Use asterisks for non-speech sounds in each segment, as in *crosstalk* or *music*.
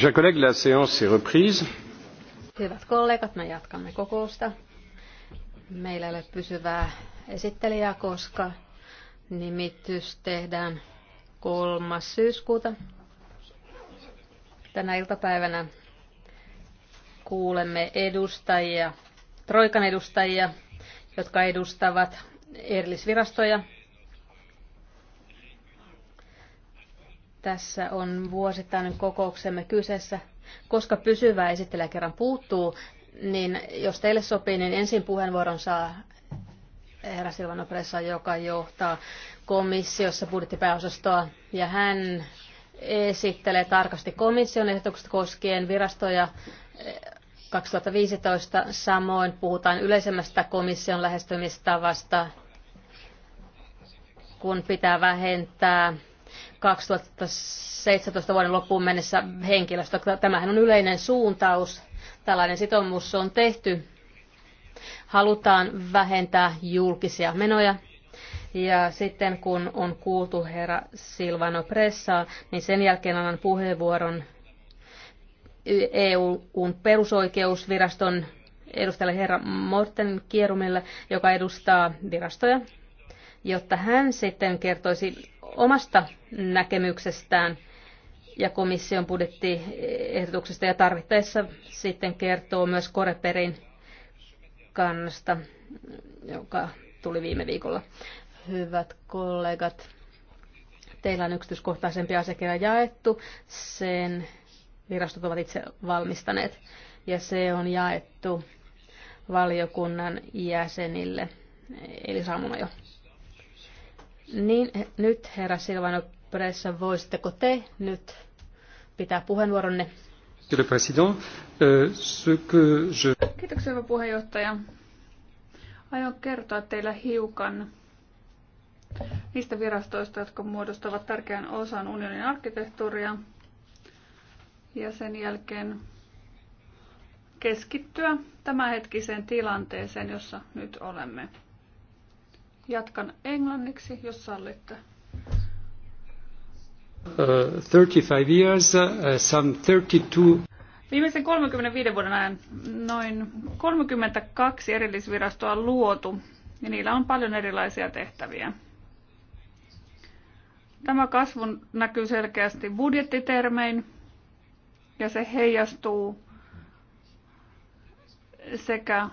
chers collègues, la séance est reprise. Hyvät kollegat, me jatkamme kokousta. Meillä ei ole pysyvää esittelijää, koska nimitys tehdään 3. syyskuuta. Tänä iltapäivänä kuulemme edustajia, Troikan edustajia, jotka edustavat erillisvirastoja, Tässä on vuosittainen kokouksemme kyseessä. Koska pysyvä esittelijä kerran puuttuu, niin jos teille sopii, niin ensin puheenvuoron saa herra Silvano Pressa, joka johtaa komissiossa budjettipääosastoa, ja hän esittelee tarkasti komission ehdotukset koskien virastoja 2015. Eh, Samoin puhutaan yleisemmästä komission lähestymistavasta, kun pitää vähentää 2017 vuoden loppuun mennessä henkilöstö. Tämähän on yleinen suuntaus. Tällainen sitoumus on tehty. Halutaan vähentää julkisia menoja. Ja sitten kun on kuultu herra Silvano Pressaa, niin sen jälkeen annan puheenvuoron EUn perusoikeusviraston edustajalle herra Morten Kierumille, joka edustaa virastoja, jotta hän sitten kertoisi omasta näkemyksestään ja komission budjettiehdotuksesta ja tarvittaessa sitten kertoo myös Koreperin kannasta, joka tuli viime viikolla. Hyvät kollegat, teillä on yksityiskohtaisempi asiakirja jaettu. Sen virastot ovat itse valmistaneet ja se on jaettu valiokunnan jäsenille. Eli saamuna jo. Niin, nyt herra Silvano Pressa, voisitteko te nyt pitää puheenvuoronne? Euh, Kiitoksia, hyvä puheenjohtaja. Aion kertoa teille hiukan niistä virastoista, jotka muodostavat tärkeän osan unionin arkkitehtuuria. Ja sen jälkeen keskittyä tämänhetkiseen tilanteeseen, jossa nyt olemme. Jatkan englanniksi, jos sallitte. Uh, 35 years, uh, some 32... Viimeisen 35 vuoden ajan noin 32 erillisvirastoa on luotu ja niillä on paljon erilaisia tehtäviä. Tämä kasvu näkyy selkeästi budjettitermein ja se heijastuu sekä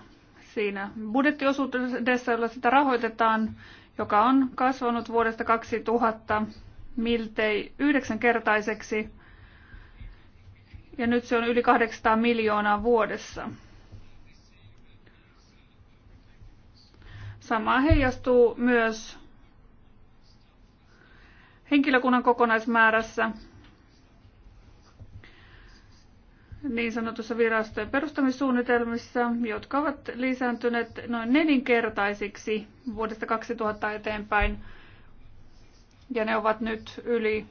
siinä budjettiosuudessa, jolla sitä rahoitetaan, joka on kasvanut vuodesta 2000 miltei yhdeksänkertaiseksi. Ja nyt se on yli 800 miljoonaa vuodessa. Sama heijastuu myös henkilökunnan kokonaismäärässä, niin sanotussa virastojen perustamissuunnitelmissa, jotka ovat lisääntyneet noin nelinkertaisiksi vuodesta 2000 eteenpäin. Ja ne ovat nyt yli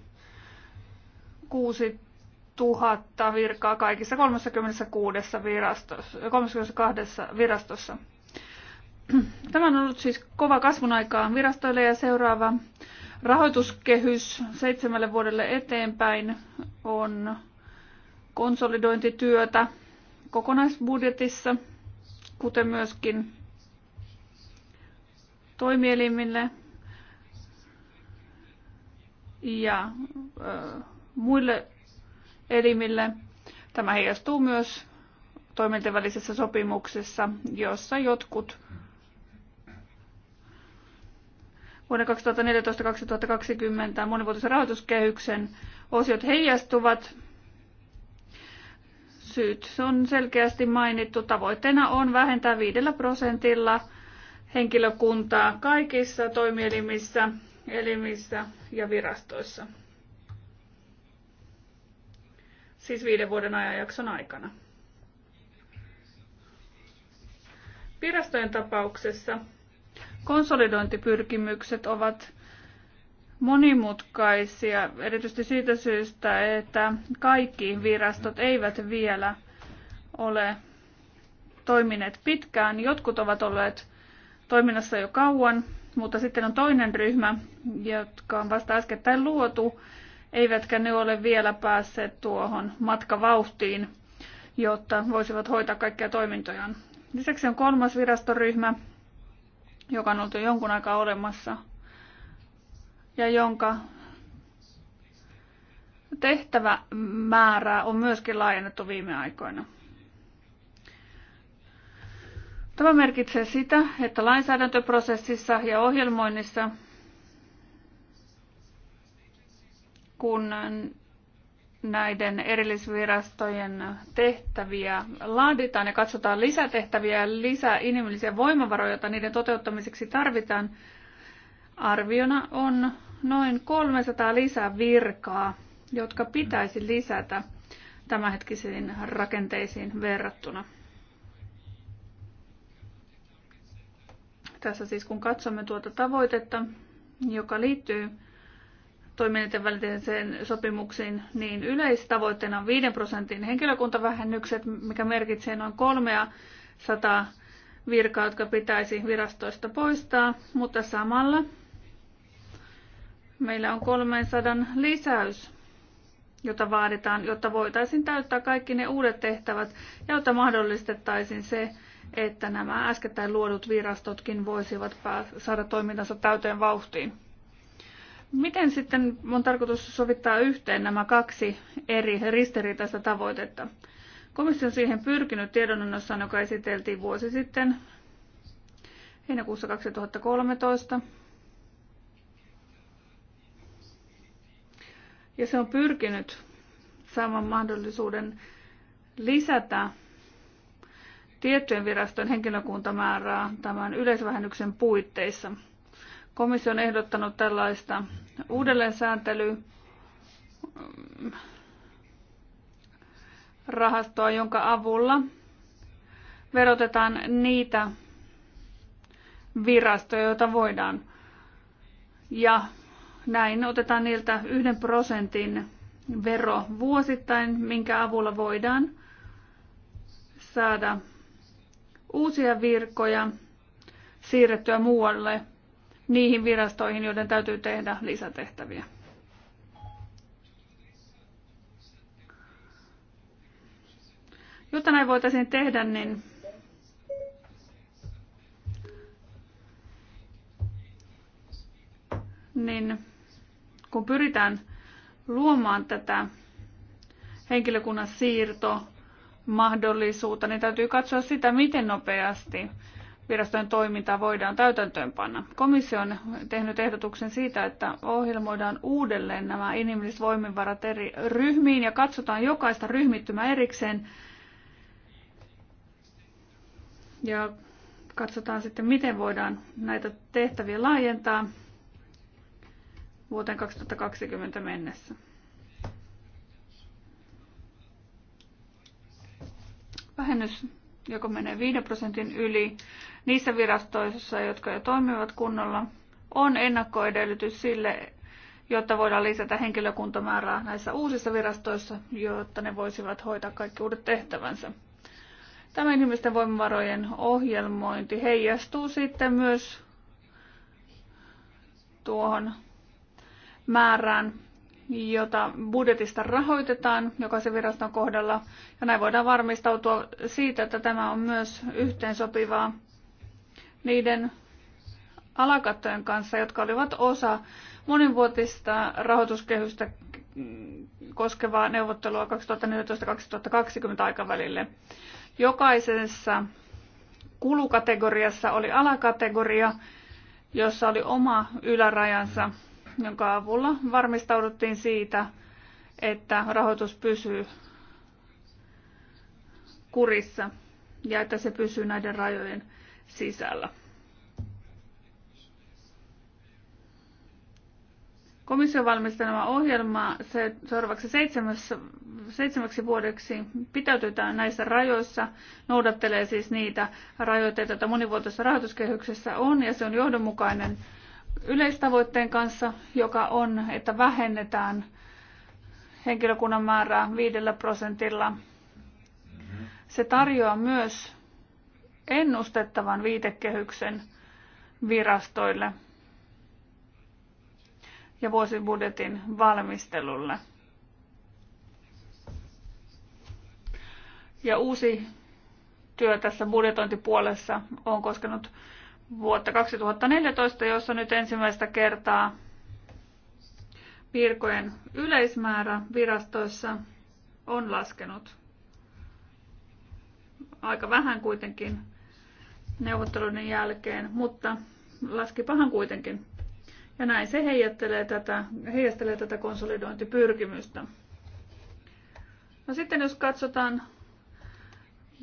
6000 virkaa kaikissa 36 virastossa, 32 virastossa. Tämä on ollut siis kova kasvun aikaa virastoille ja seuraava rahoituskehys seitsemälle vuodelle eteenpäin on konsolidointityötä kokonaisbudjetissa, kuten myöskin toimielimille ja ö, muille elimille. Tämä heijastuu myös toimintojen välisessä sopimuksessa, jossa jotkut vuoden 2014-2020 monivuotisen rahoituskehyksen osiot heijastuvat syyt on selkeästi mainittu. Tavoitteena on vähentää viidellä prosentilla henkilökuntaa kaikissa toimielimissä, elimissä ja virastoissa. Siis viiden vuoden ajanjakson aikana. Virastojen tapauksessa konsolidointipyrkimykset ovat monimutkaisia, erityisesti siitä syystä, että kaikki virastot eivät vielä ole toimineet pitkään. Jotkut ovat olleet toiminnassa jo kauan, mutta sitten on toinen ryhmä, jotka on vasta äskettäin luotu, eivätkä ne ole vielä päässeet tuohon matkavauhtiin, jotta voisivat hoitaa kaikkia toimintojaan. Lisäksi on kolmas virastoryhmä, joka on ollut jo jonkun aikaa olemassa – ja jonka määrää on myöskin laajennettu viime aikoina. Tämä merkitsee sitä, että lainsäädäntöprosessissa ja ohjelmoinnissa, kun näiden erillisvirastojen tehtäviä laaditaan ja katsotaan lisätehtäviä ja lisää inhimillisiä voimavaroja, joita niiden toteuttamiseksi tarvitaan, Arviona on noin 300 lisävirkaa, jotka pitäisi lisätä tämänhetkisiin rakenteisiin verrattuna. Tässä siis kun katsomme tuota tavoitetta, joka liittyy toimielinten väliseen sopimuksiin, niin yleistavoitteena on 5 prosentin henkilökuntavähennykset, mikä merkitsee noin 300 virkaa, jotka pitäisi virastoista poistaa, mutta samalla Meillä on 300 lisäys, jota vaaditaan, jotta voitaisiin täyttää kaikki ne uudet tehtävät ja jotta mahdollistettaisiin se, että nämä äskettäin luodut virastotkin voisivat saada toimintansa täyteen vauhtiin. Miten sitten on tarkoitus sovittaa yhteen nämä kaksi eri ristiriitaista tavoitetta? Komissio on siihen pyrkinyt tiedonannossaan, joka esiteltiin vuosi sitten, heinäkuussa 2013. ja se on pyrkinyt saamaan mahdollisuuden lisätä tiettyjen viraston henkilökuntamäärää tämän yleisvähennyksen puitteissa. Komissio on ehdottanut tällaista uudelleensääntelyrahastoa, mm, jonka avulla verotetaan niitä virastoja, joita voidaan. Ja näin otetaan niiltä yhden prosentin vero vuosittain, minkä avulla voidaan saada uusia virkoja siirrettyä muualle niihin virastoihin, joiden täytyy tehdä lisätehtäviä. Jotta näin voitaisiin tehdä, niin niin kun pyritään luomaan tätä henkilökunnan siirtomahdollisuutta, niin täytyy katsoa sitä, miten nopeasti virastojen toimintaa voidaan täytäntöönpanna. Komissio on tehnyt ehdotuksen siitä, että ohjelmoidaan uudelleen nämä inhimilliset voimivarat eri ryhmiin ja katsotaan jokaista ryhmittymä erikseen ja katsotaan sitten, miten voidaan näitä tehtäviä laajentaa vuoteen 2020 mennessä. Vähennys joko menee 5 prosentin yli niissä virastoissa, jotka jo toimivat kunnolla, on ennakkoedellytys sille, jotta voidaan lisätä henkilökuntamäärää näissä uusissa virastoissa, jotta ne voisivat hoitaa kaikki uudet tehtävänsä. Tämä ihmisten voimavarojen ohjelmointi heijastuu sitten myös tuohon määrään, jota budjetista rahoitetaan jokaisen viraston kohdalla. Ja näin voidaan varmistautua siitä, että tämä on myös yhteensopivaa niiden alakattojen kanssa, jotka olivat osa monivuotista rahoituskehystä koskevaa neuvottelua 2014-2020 aikavälille. Jokaisessa kulukategoriassa oli alakategoria, jossa oli oma ylärajansa jonka avulla varmistauduttiin siitä, että rahoitus pysyy kurissa ja että se pysyy näiden rajojen sisällä. Komission valmistelema ohjelma se seuraavaksi seitsemässä, seitsemäksi vuodeksi pitäytytään näissä rajoissa, noudattelee siis niitä rajoitteita, joita monivuotoisessa rahoituskehyksessä on, ja se on johdonmukainen yleistavoitteen kanssa, joka on, että vähennetään henkilökunnan määrää viidellä prosentilla. Se tarjoaa myös ennustettavan viitekehyksen virastoille ja vuosibudjetin valmistelulle. Ja uusi työ tässä budjetointipuolessa on koskenut vuotta 2014, jossa nyt ensimmäistä kertaa virkojen yleismäärä virastoissa on laskenut. Aika vähän kuitenkin neuvotteluiden jälkeen, mutta laski pahan kuitenkin. Ja näin se heijastelee tätä, heijastelee tätä konsolidointipyrkimystä. No sitten jos katsotaan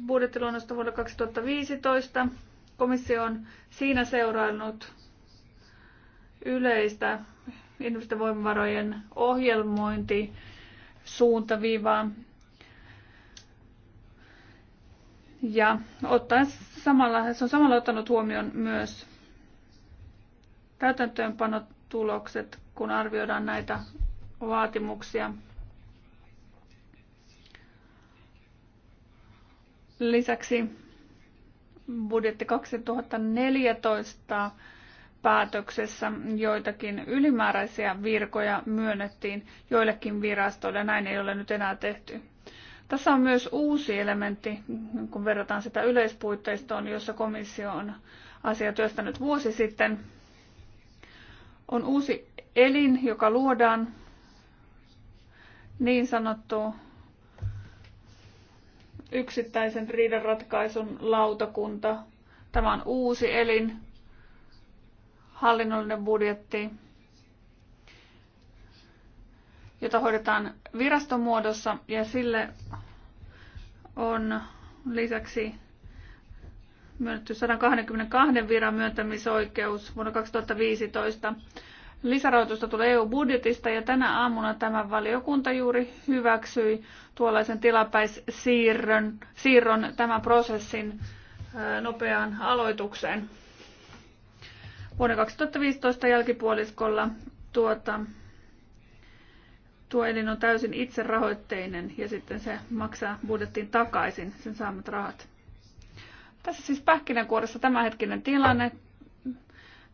budjettiluonnosta vuonna 2015, Komissio on siinä seurannut yleistä investointivoimavarojen ohjelmointi suuntaviivaa ja ottaa samalla, se on samalla ottanut huomioon myös täytäntöönpanotulokset, kun arvioidaan näitä vaatimuksia. Lisäksi budjetti 2014 päätöksessä joitakin ylimääräisiä virkoja myönnettiin joillekin virastoille. Näin ei ole nyt enää tehty. Tässä on myös uusi elementti, kun verrataan sitä yleispuitteistoon, jossa komissio on asia työstänyt vuosi sitten. On uusi elin, joka luodaan niin sanottu yksittäisen riidanratkaisun lautakunta. Tämä on uusi elin, hallinnollinen budjetti, jota hoidetaan virastomuodossa ja sille on lisäksi myönnetty 122 viran myöntämisoikeus vuonna 2015. Lisärahoitusta tulee EU-budjetista ja tänä aamuna tämä valiokunta juuri hyväksyi tuollaisen tilapäissiirron siirron tämän prosessin nopeaan aloitukseen. Vuoden 2015 jälkipuoliskolla tuota, tuo elin on täysin itserahoitteinen ja sitten se maksaa budjettiin takaisin sen saamat rahat. Tässä siis pähkinänkuoressa tämänhetkinen tilanne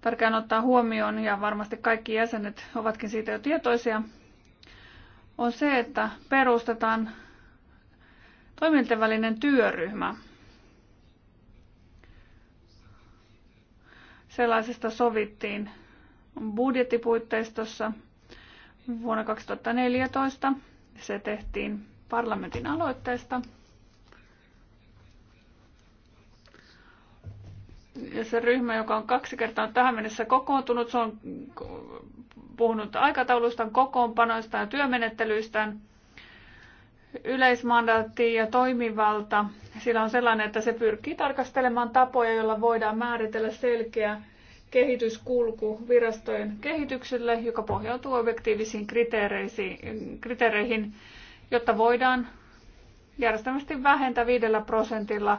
tärkeää ottaa huomioon, ja varmasti kaikki jäsenet ovatkin siitä jo tietoisia, on se, että perustetaan toimintavälinen työryhmä Sellaisesta sovittiin budjettipuitteistossa vuonna 2014. Se tehtiin parlamentin aloitteesta. Ja se ryhmä, joka on kaksi kertaa tähän mennessä kokoontunut, se on puhunut aikataulustaan, kokoonpanoistaan ja työmenettelyistään. Yleismandaatti ja toimivalta, sillä on sellainen, että se pyrkii tarkastelemaan tapoja, joilla voidaan määritellä selkeä kehityskulku virastojen kehitykselle, joka pohjautuu objektiivisiin kriteereihin, jotta voidaan järjestelmästi vähentää viidellä prosentilla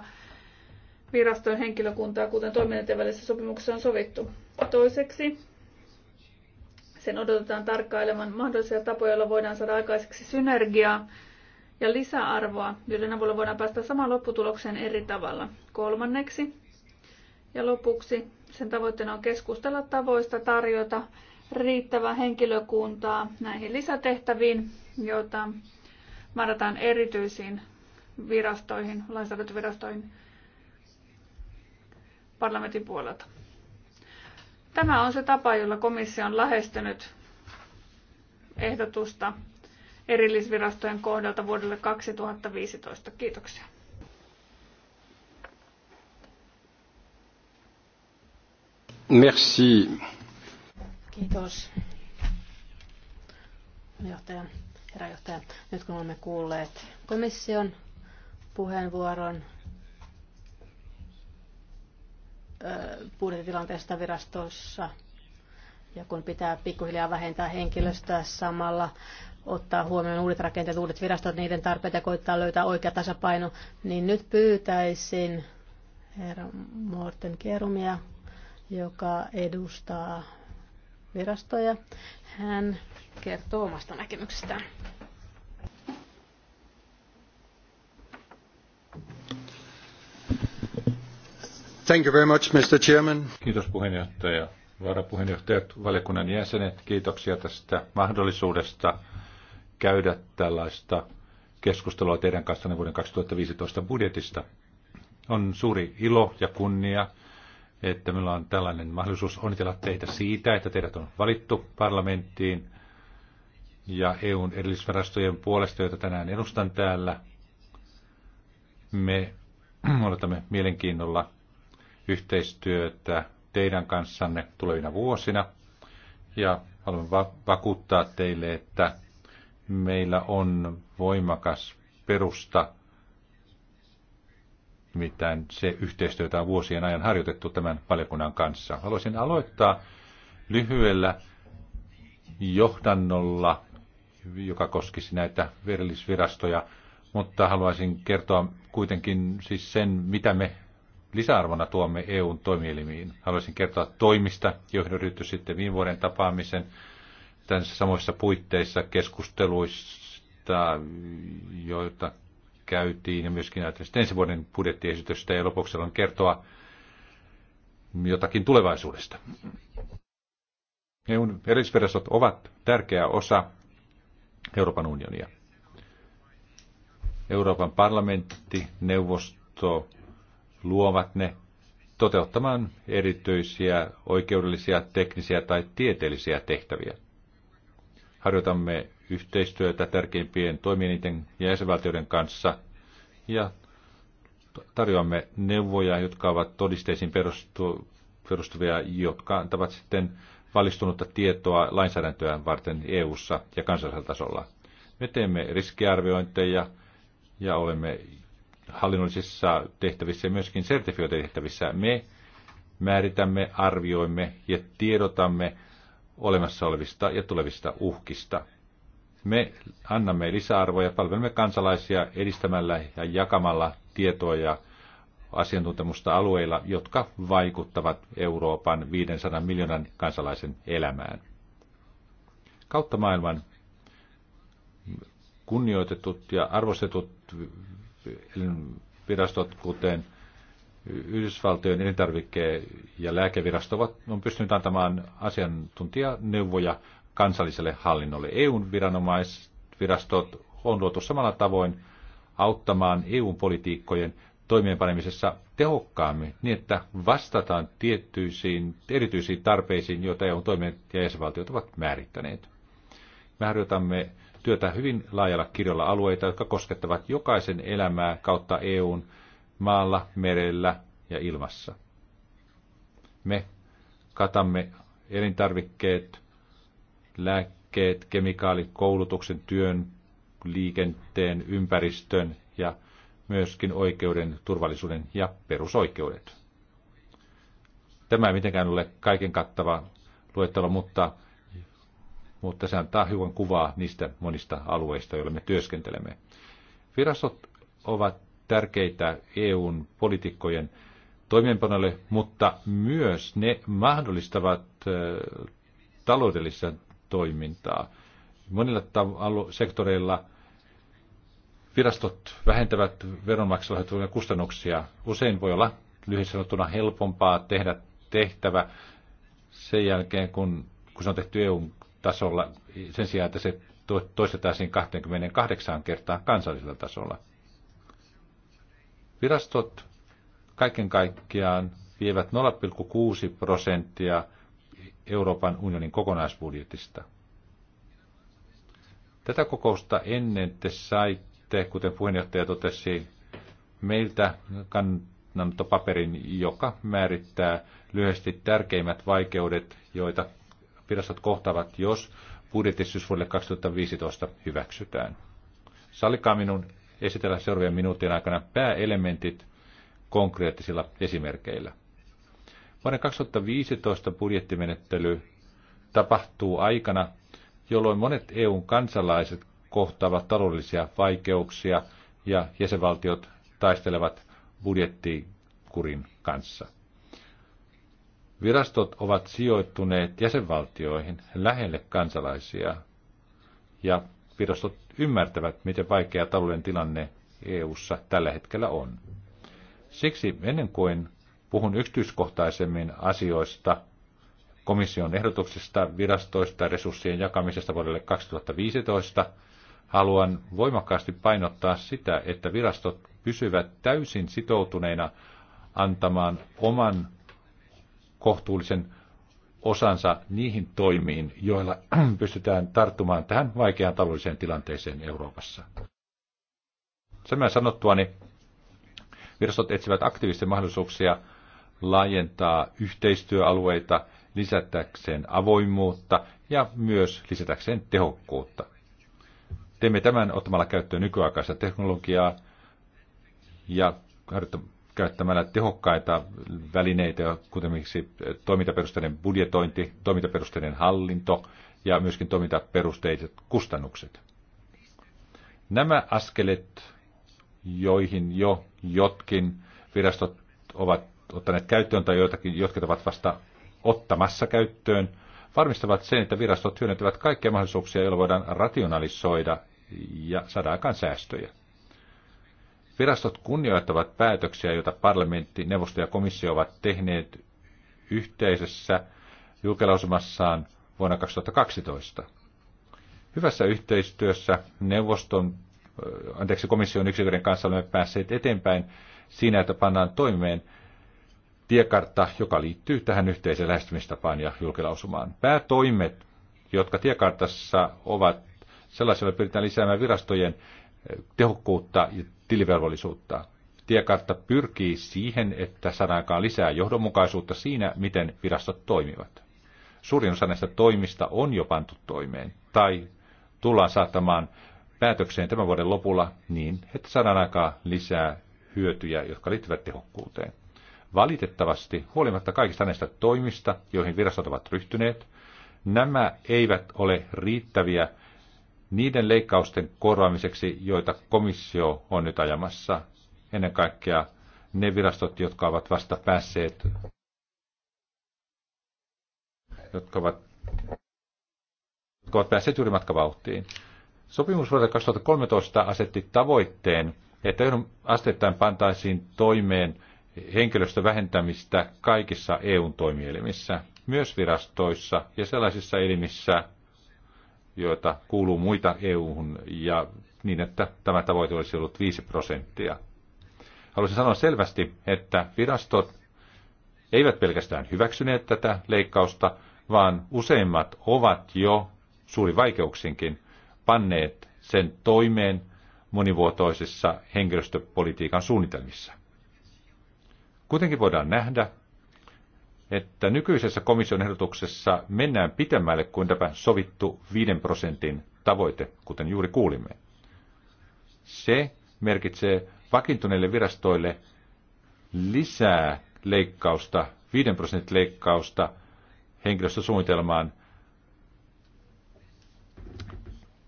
virastojen henkilökuntaa, kuten toimijoiden välisessä sopimuksessa on sovittu. Toiseksi sen odotetaan tarkkailevan mahdollisia tapoja, joilla voidaan saada aikaiseksi synergiaa ja lisäarvoa, joiden avulla voidaan päästä samaan lopputulokseen eri tavalla. Kolmanneksi ja lopuksi sen tavoitteena on keskustella tavoista tarjota riittävää henkilökuntaa näihin lisätehtäviin, joita määrätään erityisiin virastoihin, lainsäädäntövirastoihin parlamentin puolelta. Tämä on se tapa, jolla komissio on lähestynyt ehdotusta erillisvirastojen kohdalta vuodelle 2015. Kiitoksia. Merci. Kiitos. Johtaja, herra johtaja, nyt kun olemme kuulleet komission puheenvuoron, budjettitilanteesta virastoissa ja kun pitää pikkuhiljaa vähentää henkilöstöä samalla, ottaa huomioon uudet rakenteet, uudet virastot, niiden tarpeita ja koittaa löytää oikea tasapaino, niin nyt pyytäisin herra Morten Kerumia, joka edustaa virastoja. Hän kertoo omasta näkemyksestään. Thank you Kiitos puheenjohtaja. Varapuheenjohtajat, valiokunnan jäsenet, kiitoksia tästä mahdollisuudesta käydä tällaista keskustelua teidän kanssanne vuoden 2015 budjetista. On suuri ilo ja kunnia, että meillä on tällainen mahdollisuus onnitella teitä siitä, että teidät on valittu parlamenttiin ja EUn erillisvarastojen puolesta, joita tänään edustan täällä. Me *clears throat* odotamme mielenkiinnolla yhteistyötä teidän kanssanne tulevina vuosina. Ja haluan va- vakuuttaa teille, että meillä on voimakas perusta, mitä se yhteistyötä on vuosien ajan harjoitettu tämän valiokunnan kanssa. Haluaisin aloittaa lyhyellä johdannolla, joka koskisi näitä verellisvirastoja, mutta haluaisin kertoa kuitenkin siis sen, mitä me lisäarvona tuomme EUn toimielimiin. Haluaisin kertoa toimista, joihin on ryhty sitten viime vuoden tapaamisen tässä samoissa puitteissa keskusteluista, joita käytiin ja myöskin ajattelin ensi vuoden budjettiesitystä ja lopuksi on kertoa jotakin tulevaisuudesta. EUn erillisvirastot ovat tärkeä osa Euroopan unionia. Euroopan parlamentti, neuvosto, luovat ne toteuttamaan erityisiä oikeudellisia, teknisiä tai tieteellisiä tehtäviä. Harjoitamme yhteistyötä tärkeimpien toimijoiden ja jäsenvaltioiden kanssa ja tarjoamme neuvoja, jotka ovat todisteisiin perustu, perustuvia, jotka antavat sitten valistunutta tietoa lainsäädäntöä varten EU-ssa ja kansallisella tasolla. Me teemme riskiarviointeja ja olemme hallinnollisissa tehtävissä ja myöskin sertifiointitehtävissä me määritämme, arvioimme ja tiedotamme olemassa olevista ja tulevista uhkista. Me annamme lisäarvoa ja palvelemme kansalaisia edistämällä ja jakamalla tietoa ja asiantuntemusta alueilla, jotka vaikuttavat Euroopan 500 miljoonan kansalaisen elämään. Kautta maailman kunnioitetut ja arvostetut elinvirastot, kuten Yhdysvaltojen elintarvike- ja lääkevirasto, ovat, on pystynyt antamaan asiantuntijaneuvoja kansalliselle hallinnolle. EUn viranomaisvirastot on luotu samalla tavoin auttamaan EUn politiikkojen toimeenpanemisessa tehokkaammin, niin että vastataan tiettyisiin erityisiin tarpeisiin, joita EUn toimet ja jäsenvaltiot ovat määrittäneet. Me harjoitamme työtä hyvin laajalla kirjolla alueita, jotka koskettavat jokaisen elämää kautta EUn maalla, merellä ja ilmassa. Me katamme elintarvikkeet, lääkkeet, kemikaalit, koulutuksen, työn, liikenteen, ympäristön ja myöskin oikeuden, turvallisuuden ja perusoikeudet. Tämä ei mitenkään ole kaiken kattava luettelo, mutta mutta se antaa hyvän kuvaa niistä monista alueista, joilla me työskentelemme. Virastot ovat tärkeitä EUn poliitikkojen toimeenpanolle, mutta myös ne mahdollistavat taloudellista toimintaa. Monilla sektoreilla virastot vähentävät veronmaksajille kustannuksia. Usein voi olla lyhyesti sanottuna helpompaa tehdä tehtävä sen jälkeen, kun, kun se on tehty EUn tasolla sen sijaan, että se siinä 28 kertaa kansallisella tasolla. Virastot kaiken kaikkiaan vievät 0,6 prosenttia Euroopan unionin kokonaisbudjetista. Tätä kokousta ennen te saitte, kuten puheenjohtaja totesi, meiltä kannanottopaperin, joka määrittää lyhyesti tärkeimmät vaikeudet, joita virastot kohtaavat, jos budjettisys vuodelle 2015 hyväksytään. Sallikaa minun esitellä seuraavien minuuttien aikana pääelementit konkreettisilla esimerkkeillä. Vuoden 2015 budjettimenettely tapahtuu aikana, jolloin monet EUn kansalaiset kohtaavat taloudellisia vaikeuksia ja jäsenvaltiot taistelevat budjettikurin kanssa. Virastot ovat sijoittuneet jäsenvaltioihin lähelle kansalaisia ja virastot ymmärtävät, miten vaikea talouden tilanne EU:ssa tällä hetkellä on. Siksi ennen kuin puhun yksityiskohtaisemmin asioista, komission ehdotuksista virastoista ja resurssien jakamisesta vuodelle 2015, haluan voimakkaasti painottaa sitä, että virastot pysyvät täysin sitoutuneina antamaan oman kohtuullisen osansa niihin toimiin, joilla *clears throat* pystytään tarttumaan tähän vaikeaan taloudelliseen tilanteeseen Euroopassa. Sen sanottua, niin virastot etsivät aktiivisten mahdollisuuksia laajentaa yhteistyöalueita lisätäkseen avoimuutta ja myös lisätäkseen tehokkuutta. Teemme tämän ottamalla käyttöön nykyaikaista teknologiaa ja käyttämällä tehokkaita välineitä, kuten esimerkiksi eh, toimintaperusteinen budjetointi, toimintaperusteinen hallinto ja myöskin toimintaperusteiset kustannukset. Nämä askelet, joihin jo jotkin virastot ovat ottaneet käyttöön tai joitakin, jotkut ovat vasta ottamassa käyttöön, varmistavat sen, että virastot hyödyntävät kaikkia mahdollisuuksia, joilla voidaan rationalisoida ja saada aikaan säästöjä. Virastot kunnioittavat päätöksiä, joita parlamentti, neuvosto ja komissio ovat tehneet yhteisessä julkilausumassaan vuonna 2012. Hyvässä yhteistyössä neuvoston, anteeksi komission yksiköiden kanssa olemme päässeet eteenpäin siinä, että pannaan toimeen tiekartta, joka liittyy tähän yhteiseen lähestymistapaan ja julkilausumaan. Päätoimet, jotka tiekartassa ovat sellaisilla, pyritään lisäämään virastojen tehokkuutta ja tilivelvollisuutta. Tiekartta pyrkii siihen, että saadaan lisää johdonmukaisuutta siinä, miten virastot toimivat. Suurin osa näistä toimista on jo pantu toimeen tai tullaan saattamaan päätökseen tämän vuoden lopulla niin, että saadaan aikaa lisää hyötyjä, jotka liittyvät tehokkuuteen. Valitettavasti, huolimatta kaikista näistä toimista, joihin virastot ovat ryhtyneet, nämä eivät ole riittäviä niiden leikkausten korvaamiseksi, joita komissio on nyt ajamassa, ennen kaikkea ne virastot, jotka ovat vasta päässeet, jotka ovat, jotka ovat päässeet juuri matkavauhtiin. Sopimus vuodelta 2013 asetti tavoitteen, että asteittain pantaisiin toimeen henkilöstövähentämistä vähentämistä kaikissa eu toimielimissä, myös virastoissa ja sellaisissa elimissä, joita kuuluu muita EU-hun, ja niin, että tämä tavoite olisi ollut 5 prosenttia. Haluaisin sanoa selvästi, että virastot eivät pelkästään hyväksyneet tätä leikkausta, vaan useimmat ovat jo suuri vaikeuksinkin panneet sen toimeen monivuotoisissa henkilöstöpolitiikan suunnitelmissa. Kuitenkin voidaan nähdä, että nykyisessä komission ehdotuksessa mennään pitemmälle kuin tämä sovittu 5 prosentin tavoite, kuten juuri kuulimme. Se merkitsee vakiintuneille virastoille lisää leikkausta, 5 prosentin leikkausta henkilöstösuunnitelmaan.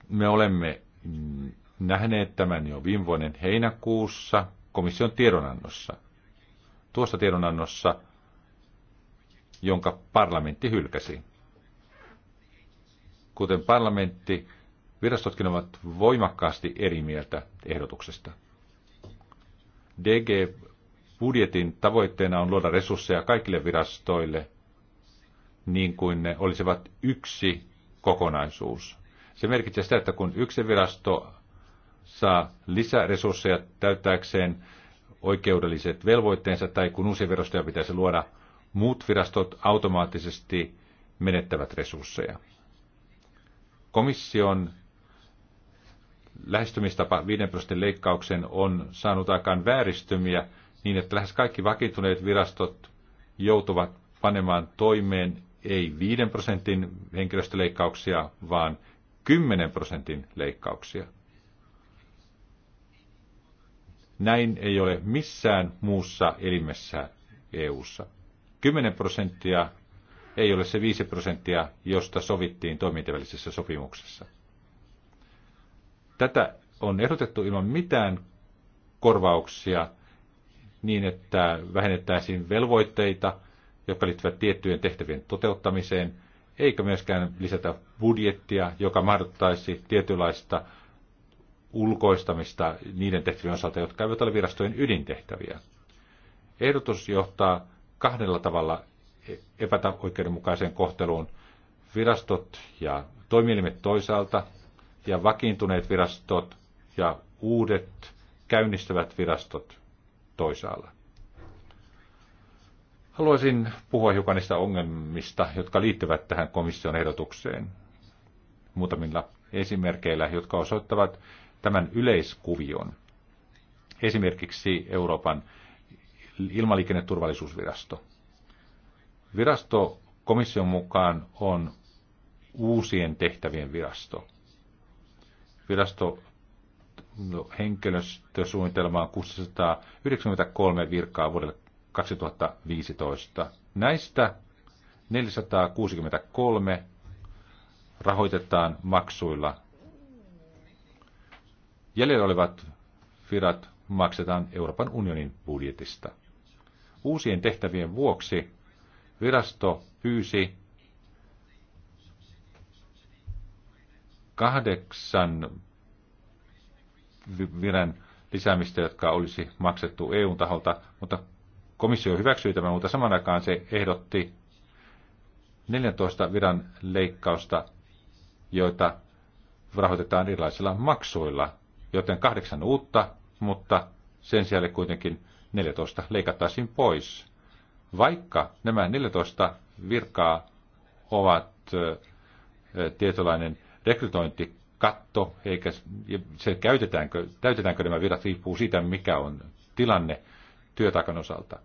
Me olemme nähneet tämän jo viime vuoden heinäkuussa komission tiedonannossa. Tuossa tiedonannossa – jonka parlamentti hylkäsi. Kuten parlamentti, virastotkin ovat voimakkaasti eri mieltä ehdotuksesta. DG-budjetin tavoitteena on luoda resursseja kaikille virastoille niin kuin ne olisivat yksi kokonaisuus. Se merkitsee sitä, että kun yksi virasto saa lisäresursseja täyttääkseen oikeudelliset velvoitteensa tai kun uusia virastoja pitäisi luoda – muut virastot automaattisesti menettävät resursseja. Komission lähestymistapa 5 prosentin leikkauksen on saanut aikaan vääristymiä niin, että lähes kaikki vakiintuneet virastot joutuvat panemaan toimeen ei 5 prosentin henkilöstöleikkauksia, vaan 10 prosentin leikkauksia. Näin ei ole missään muussa elimessä EU:ssa. 10 prosenttia ei ole se 5 prosenttia, josta sovittiin toimintavälisessä sopimuksessa. Tätä on ehdotettu ilman mitään korvauksia niin, että vähennettäisiin velvoitteita, jotka liittyvät tiettyjen tehtävien toteuttamiseen, eikä myöskään lisätä budjettia, joka mahdottaisi tietynlaista ulkoistamista niiden tehtävien osalta, jotka eivät ole virastojen ydintehtäviä. Ehdotus johtaa kahdella tavalla e- epäoikeudenmukaiseen kohteluun. Virastot ja toimielimet toisaalta ja vakiintuneet virastot ja uudet käynnistävät virastot toisaalla. Haluaisin puhua hiukan niistä ongelmista, jotka liittyvät tähän komission ehdotukseen muutamilla esimerkkeillä, jotka osoittavat tämän yleiskuvion. Esimerkiksi Euroopan ilmaliikenneturvallisuusvirasto. Virasto komission mukaan on uusien tehtävien virasto. Virasto no, henkilöstösuunnitelmaan 693 virkaa vuodelle 2015. Näistä 463 rahoitetaan maksuilla. Jäljellä olevat virat maksetaan Euroopan unionin budjetista. Uusien tehtävien vuoksi virasto pyysi kahdeksan viran lisäämistä, jotka olisi maksettu EUn taholta, mutta komissio hyväksyi tämän, mutta saman aikaan se ehdotti 14 viran leikkausta, joita rahoitetaan erilaisilla maksuilla, joten kahdeksan uutta, mutta sen sijaan kuitenkin 14 leikattaisiin pois. Vaikka nämä 14 virkaa ovat tietynlainen rekrytointikatto, eikä se käytetäänkö, täytetäänkö nämä virat riippuu siitä, mikä on tilanne työtaakan osalta.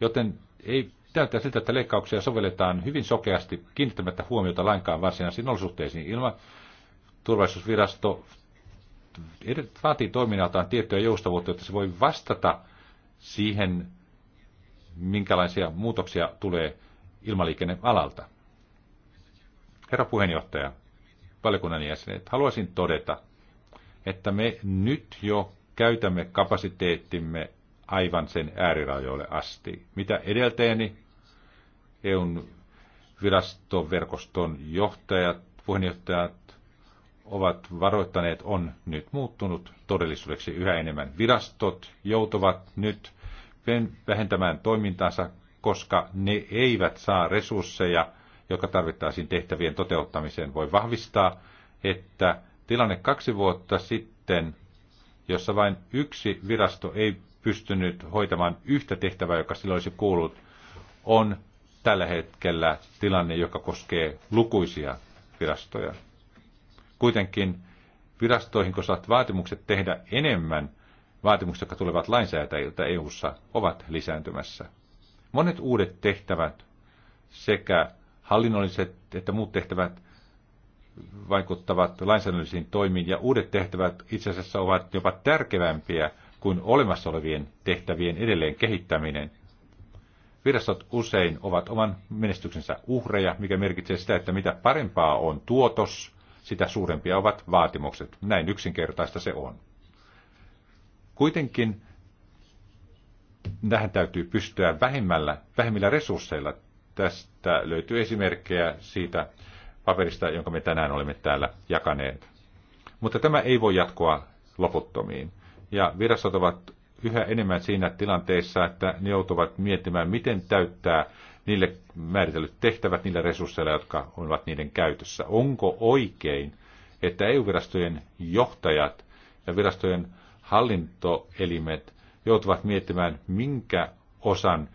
Joten ei näyttää siltä, että leikkauksia sovelletaan hyvin sokeasti kiinnittämättä huomiota lainkaan varsinaisiin olosuhteisiin. ilman turvallisuusvirasto vaatii toiminnaltaan tiettyä joustavuutta, jotta se voi vastata siihen, minkälaisia muutoksia tulee ilmaliikennealalta. Herra puheenjohtaja, valiokunnan jäsenet, haluaisin todeta, että me nyt jo käytämme kapasiteettimme aivan sen äärirajoille asti. Mitä edeltäjäni EUn virastoverkoston johtajat, puheenjohtajat ovat varoittaneet, on nyt muuttunut todellisuudeksi yhä enemmän. Virastot joutuvat nyt vähentämään toimintansa, koska ne eivät saa resursseja, jotka tarvittaisiin tehtävien toteuttamiseen. Voi vahvistaa, että tilanne kaksi vuotta sitten, jossa vain yksi virasto ei pystynyt hoitamaan yhtä tehtävää, joka silloin olisi kuullut, on tällä hetkellä tilanne, joka koskee lukuisia virastoja. Kuitenkin virastoihin, kun saat vaatimukset tehdä enemmän – vaatimukset, jotka tulevat lainsäätäjiltä EU:ssa, ovat lisääntymässä. Monet uudet tehtävät, sekä hallinnolliset että muut tehtävät, vaikuttavat lainsäädännöllisiin toimiin, ja uudet tehtävät itse asiassa ovat jopa tärkevämpiä kuin olemassa olevien tehtävien edelleen kehittäminen. Virastot usein ovat oman menestyksensä uhreja, mikä merkitsee sitä, että mitä parempaa on tuotos, sitä suurempia ovat vaatimukset. Näin yksinkertaista se on. Kuitenkin tähän täytyy pystyä vähimmällä, vähemmillä resursseilla. Tästä löytyy esimerkkejä siitä paperista, jonka me tänään olemme täällä jakaneet. Mutta tämä ei voi jatkoa loputtomiin. Ja virastot ovat yhä enemmän siinä tilanteessa, että ne joutuvat miettimään, miten täyttää niille määritellyt tehtävät niillä resursseilla, jotka ovat niiden käytössä. Onko oikein, että EU-virastojen johtajat ja virastojen hallintoelimet joutuvat miettimään, minkä osan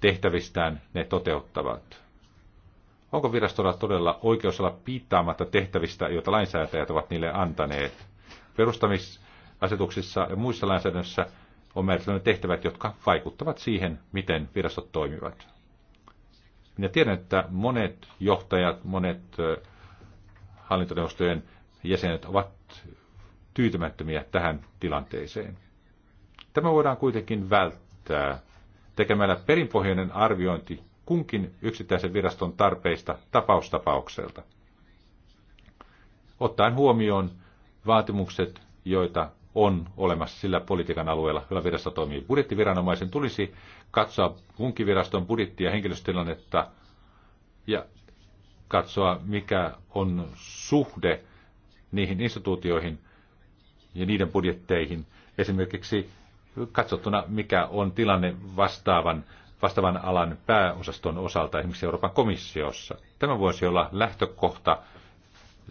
tehtävistään ne toteuttavat. Onko virastolla todella oikeus olla piittaamatta tehtävistä, joita lainsäätäjät ovat niille antaneet? Perustamisasetuksissa ja muissa lainsäädännössä on määritelty tehtävät, jotka vaikuttavat siihen, miten virastot toimivat. Minä tiedän, että monet johtajat, monet hallintoneuvostojen jäsenet ovat tyytymättömiä tähän tilanteeseen. Tämä voidaan kuitenkin välttää tekemällä perinpohjainen arviointi kunkin yksittäisen viraston tarpeista tapaustapaukselta, ottaen huomioon vaatimukset, joita on olemassa sillä politiikan alueella, jolla virasto toimii. Budjettiviranomaisen tulisi katsoa kunkin viraston budjetti- ja henkilöstötilannetta ja katsoa, mikä on suhde niihin instituutioihin, ja niiden budjetteihin. Esimerkiksi katsottuna, mikä on tilanne vastaavan, vastaavan alan pääosaston osalta esimerkiksi Euroopan komissiossa. Tämä voisi olla lähtökohta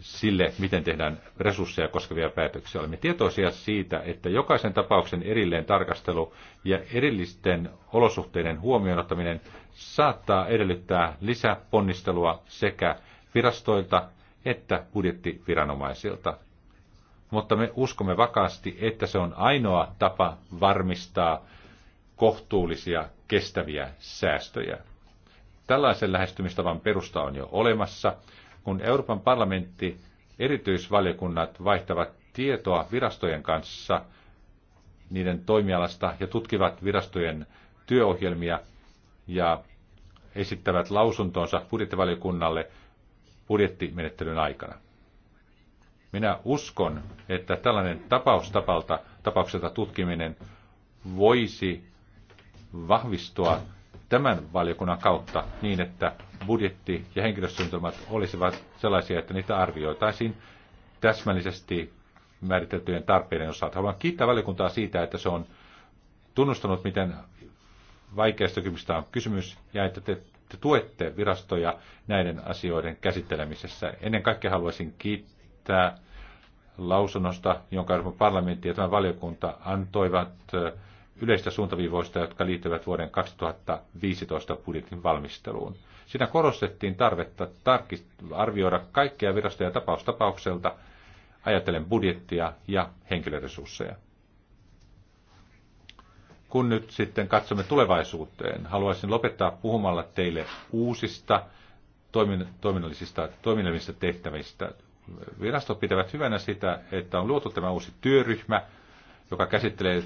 sille, miten tehdään resursseja koskevia päätöksiä. Olemme tietoisia siitä, että jokaisen tapauksen erilleen tarkastelu ja erillisten olosuhteiden huomioon ottaminen saattaa edellyttää lisäponnistelua sekä virastoilta että budjettiviranomaisilta mutta me uskomme vakaasti, että se on ainoa tapa varmistaa kohtuullisia, kestäviä säästöjä. Tällaisen lähestymistavan perusta on jo olemassa, kun Euroopan parlamentti erityisvaliokunnat vaihtavat tietoa virastojen kanssa niiden toimialasta ja tutkivat virastojen työohjelmia ja esittävät lausuntonsa budjettivaliokunnalle budjettimenettelyn aikana. Minä uskon, että tällainen tapaus tapalta, tapaukselta tutkiminen voisi vahvistua tämän valiokunnan kautta niin, että budjetti- ja henkilöstösuunnitelmat olisivat sellaisia, että niitä arvioitaisiin täsmällisesti määriteltyjen tarpeiden osalta. Haluan kiittää valiokuntaa siitä, että se on tunnustanut, miten vaikeasta kysymystä on kysymys ja että te, te tuette virastoja näiden asioiden käsittelemisessä. Ennen kaikkea haluaisin kiittää tästä lausunnosta, jonka Euroopan parlamentti ja tämä valiokunta antoivat yleistä suuntaviivoista, jotka liittyvät vuoden 2015 budjetin valmisteluun. Siinä korostettiin tarvetta arvioida kaikkia virastoja tapaustapaukselta, ajatellen budjettia ja henkilöresursseja. Kun nyt sitten katsomme tulevaisuuteen, haluaisin lopettaa puhumalla teille uusista toiminnallisista, toiminnallisista tehtävistä Virastot pitävät hyvänä sitä, että on luotu tämä uusi työryhmä, joka käsittelee eh,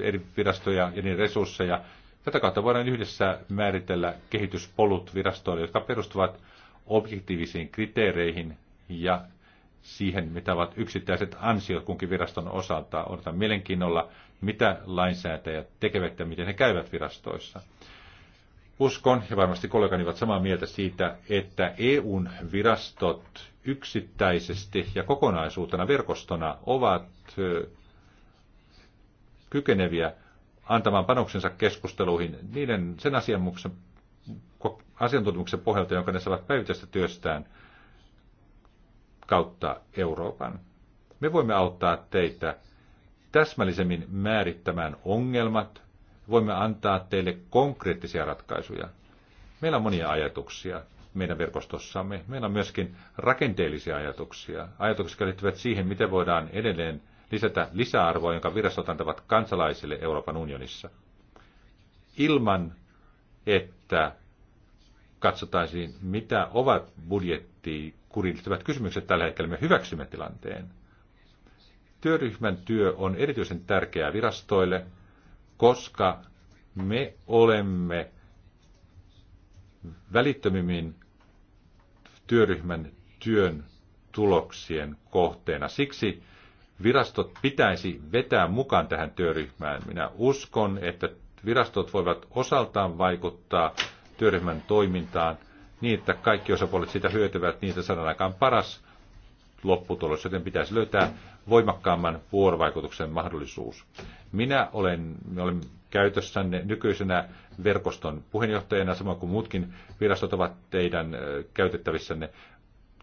eri virastoja ja niiden resursseja. Tätä kautta voidaan yhdessä määritellä kehityspolut virastoille, jotka perustuvat objektiivisiin kriteereihin ja siihen, mitä ovat yksittäiset ansiot kunkin viraston osalta. Odotan mielenkiinnolla, mitä lainsäätäjät tekevät ja miten he käyvät virastoissa. Uskon, ja varmasti kollegani ovat samaa mieltä siitä, että EUn virastot yksittäisesti ja kokonaisuutena verkostona ovat kykeneviä antamaan panoksensa keskusteluihin niiden sen asianmuksen, asiantuntemuksen pohjalta, jonka ne saavat päivittäistä työstään kautta Euroopan. Me voimme auttaa teitä täsmällisemmin määrittämään ongelmat, voimme antaa teille konkreettisia ratkaisuja. Meillä on monia ajatuksia meidän verkostossamme. Meillä on myöskin rakenteellisia ajatuksia. Ajatuksia, jotka liittyvät siihen, miten voidaan edelleen lisätä lisäarvoa, jonka virastot antavat kansalaisille Euroopan unionissa. Ilman, että katsotaisiin, mitä ovat budjettiin kurillistuvat kysymykset tällä hetkellä. Me hyväksymme tilanteen. Työryhmän työ on erityisen tärkeää virastoille, koska me olemme välittömimmin työryhmän työn tuloksien kohteena. Siksi virastot pitäisi vetää mukaan tähän työryhmään. Minä uskon, että virastot voivat osaltaan vaikuttaa työryhmän toimintaan niin, että kaikki osapuolet siitä hyötyvät, niitä saadaan aikaan paras lopputulos, joten pitäisi löytää voimakkaamman vuorovaikutuksen mahdollisuus. Minä olen, olen käytössänne nykyisenä verkoston puheenjohtajana, samoin kuin muutkin virastot ovat teidän käytettävissänne,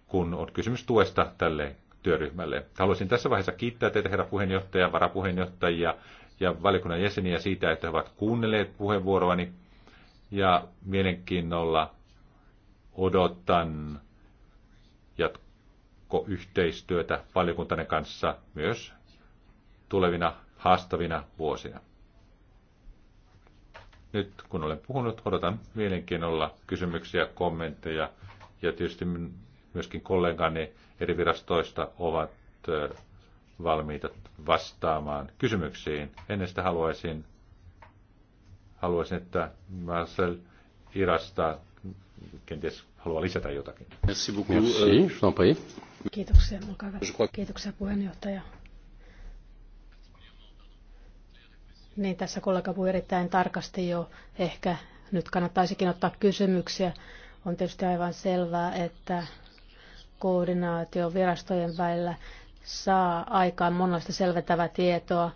kun on kysymys tuesta tälle työryhmälle. Haluaisin tässä vaiheessa kiittää teitä, herra puheenjohtaja, varapuheenjohtajia ja valiokunnan jäseniä siitä, että he ovat kuunnelleet puheenvuoroani ja mielenkiinnolla odotan jatkoyhteistyötä valiokuntanne kanssa myös tulevina haastavina vuosina. Nyt kun olen puhunut, odotan mielenkiinnolla kysymyksiä, kommentteja ja tietysti myöskin kollegani eri virastoista ovat valmiita vastaamaan kysymyksiin. Ennen sitä haluaisin, haluaisin että Marcel Irasta kenties haluaa lisätä jotakin. Merci beaucoup. Merci. Euh, Kiitoksia, olkaa hyvä. Kiitoksia puheenjohtaja. Niin, tässä kollega puhui erittäin tarkasti jo. Ehkä nyt kannattaisikin ottaa kysymyksiä. On tietysti aivan selvää, että koordinaatio virastojen välillä saa aikaan monenlaista selventävää tietoa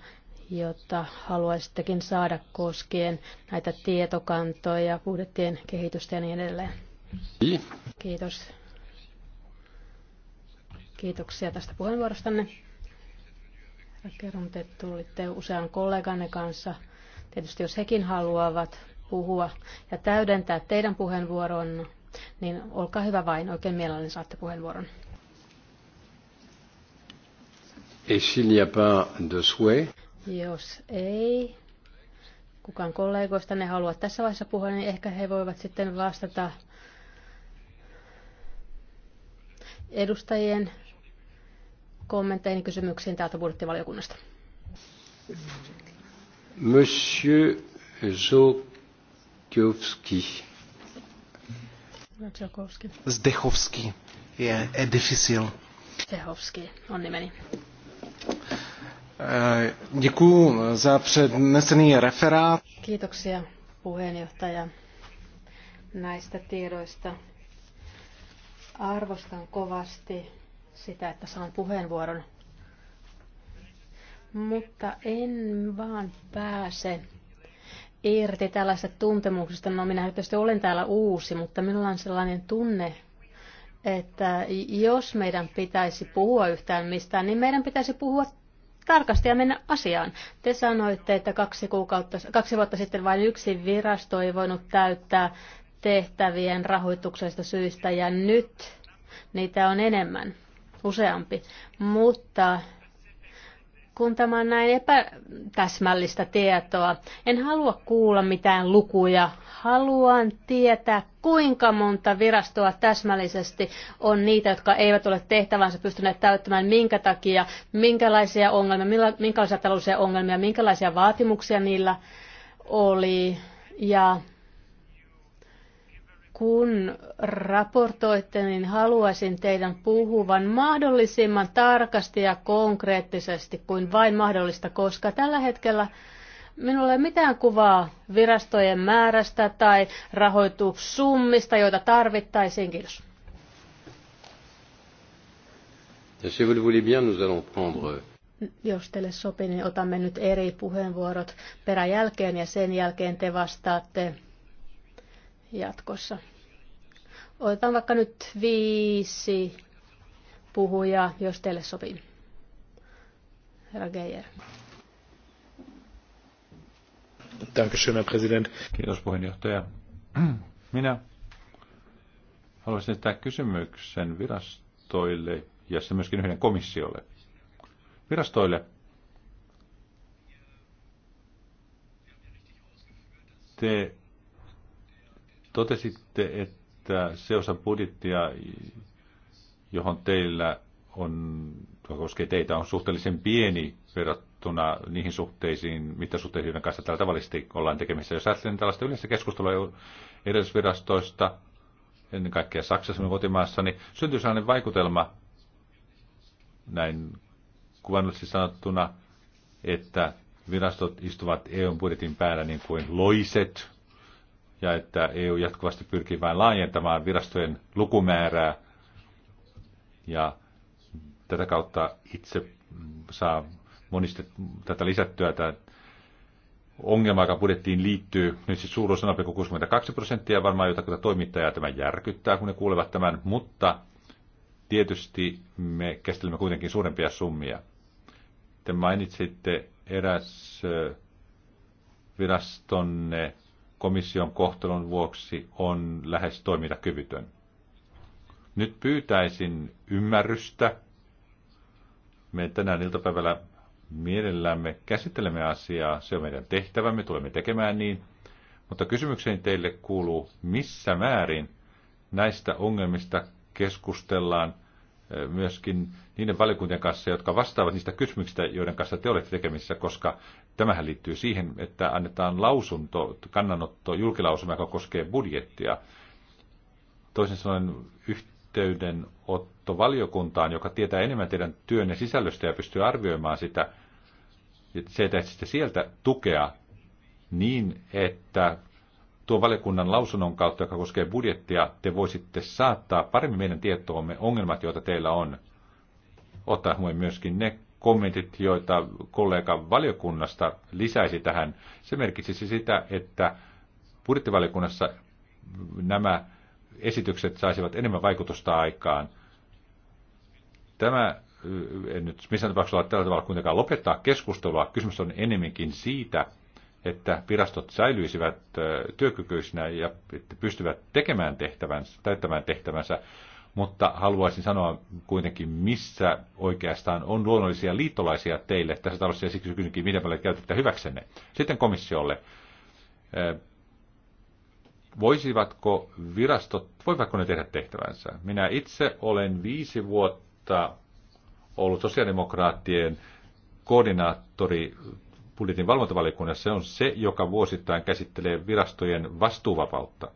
jota haluaisittekin saada koskien näitä tietokantoja, budjettien kehitystä ja niin edelleen. Niin. Kiitos. Kiitoksia tästä puheenvuorostanne. Kerron, te tulitte usean kolleganne kanssa. Tietysti jos hekin haluavat puhua ja täydentää teidän puheenvuoron, niin olkaa hyvä vain. Oikein mielelläni saatte puheenvuoron. Et s'il n'y a pas de souhait, jos ei, kukaan kollegoista ne haluaa tässä vaiheessa puhua, niin ehkä he voivat sitten vastata edustajien kommentteihin ja kysymyksiin täältä budjettivaliokunnasta. Monsieur Zokiewski, Zdechowski. Yeah, difficile. Zdechowski on nimeni. Eh, Děkuji za přednesený referát. Kiitoksia puheenjohtaja näistä tiedoista. Arvostan kovasti sitä, että saan puheenvuoron. Mutta en vaan pääse irti tällaista tuntemuksesta. No minä tietysti olen täällä uusi, mutta minulla on sellainen tunne, että jos meidän pitäisi puhua yhtään mistään, niin meidän pitäisi puhua tarkasti ja mennä asiaan. Te sanoitte, että kaksi, kuukautta, kaksi vuotta sitten vain yksi virasto ei voinut täyttää tehtävien rahoituksesta syistä ja nyt niitä on enemmän, useampi. Mutta kun tämä on näin epätäsmällistä tietoa. En halua kuulla mitään lukuja. Haluan tietää, kuinka monta virastoa täsmällisesti on niitä, jotka eivät ole tehtävänsä pystyneet täyttämään, minkä takia, minkälaisia ongelmia, minkälaisia taloudellisia ongelmia, minkälaisia vaatimuksia niillä oli. Ja kun raportoitte, niin haluaisin teidän puhuvan mahdollisimman tarkasti ja konkreettisesti kuin vain mahdollista, koska tällä hetkellä minulla ei ole mitään kuvaa virastojen määrästä tai rahoitussummista, joita tarvittaisiin. Kiitos. Si vous le voulez bien, nous allons prendre jos teille sopii, niin otamme nyt eri puheenvuorot peräjälkeen ja sen jälkeen te vastaatte jatkossa. Otetaan vaikka nyt viisi puhujaa, jos teille sopii. Herra Geijer. Herr Kiitos puheenjohtaja. Minä haluaisin esittää kysymyksen virastoille ja se myöskin yhden komissiolle. Virastoille te Totesitte, että se osa budjettia, johon teillä on, joka koskee teitä, on suhteellisen pieni verrattuna niihin suhteisiin, mitä suhteisiin kanssa täällä tavallisesti ollaan tekemissä. Jos ajattelen tällaista yleistä keskustelua edellisvirastoista, ennen kaikkea Saksassa ja kotimaassa, niin syntyy sellainen vaikutelma, näin kuvannollisesti sanottuna, että virastot istuvat eu budjetin päällä niin kuin loiset ja että EU jatkuvasti pyrkii vain laajentamaan virastojen lukumäärää ja tätä kautta itse saa moniste tätä lisättyä tämä ongelma, joka budjettiin liittyy. Nyt siis suuruus on 62 prosenttia varmaan jotakuta toimittajaa tämä järkyttää, kun ne kuulevat tämän, mutta tietysti me käsittelemme kuitenkin suurempia summia. Te mainitsitte eräs virastonne komission kohtelun vuoksi on lähes toimintakyvytön. Nyt pyytäisin ymmärrystä. Me tänään iltapäivällä mielellämme käsittelemme asiaa, se on meidän tehtävämme, tulemme tekemään niin. Mutta kysymykseni teille kuuluu, missä määrin näistä ongelmista keskustellaan myöskin niiden valiokuntien kanssa, jotka vastaavat niistä kysymyksistä, joiden kanssa te olette tekemisissä, koska tämähän liittyy siihen, että annetaan lausunto, kannanotto, julkilausuma, joka koskee budjettia. Toisin sanoen yhteydenotto valiokuntaan, joka tietää enemmän teidän työnne sisällöstä ja pystyy arvioimaan sitä, se, että sieltä tukea niin, että tuon valiokunnan lausunnon kautta, joka koskee budjettia, te voisitte saattaa paremmin meidän tietoomme ongelmat, joita teillä on. Ottaa huomioon myöskin ne kommentit, joita kollega valiokunnasta lisäisi tähän. Se merkitsisi sitä, että budjettivaliokunnassa nämä esitykset saisivat enemmän vaikutusta aikaan. Tämä en nyt missään tapauksessa ole tällä tavalla kuitenkaan lopettaa keskustelua. Kysymys on enemmänkin siitä, että virastot säilyisivät työkykyisinä ja että pystyvät tekemään tehtävänsä, täyttämään tehtävänsä, mutta haluaisin sanoa kuitenkin, missä oikeastaan on luonnollisia liittolaisia teille tässä talossa, ja siksi kysynkin, miten paljon käytätte hyväksenne. Sitten komissiolle. Voisivatko virastot, voivatko ne tehdä tehtävänsä? Minä itse olen viisi vuotta ollut sosiaalidemokraattien koordinaattori budjetin valvontavaliokunnassa on se, joka vuosittain käsittelee virastojen vastuuvapautta.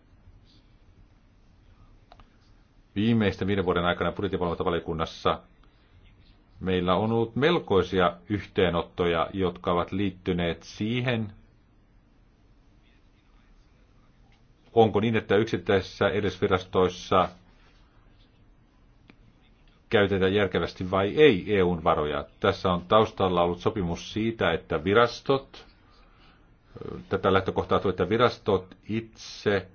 Viimeisten viiden vuoden aikana budjetinvalvontavaliokunnassa meillä on ollut melkoisia yhteenottoja, jotka ovat liittyneet siihen, onko niin, että yksittäisissä edesvirastoissa käytetä järkevästi vai ei EUn varoja. Tässä on taustalla ollut sopimus siitä, että virastot, tätä lähtökohtaa tuo, että virastot itse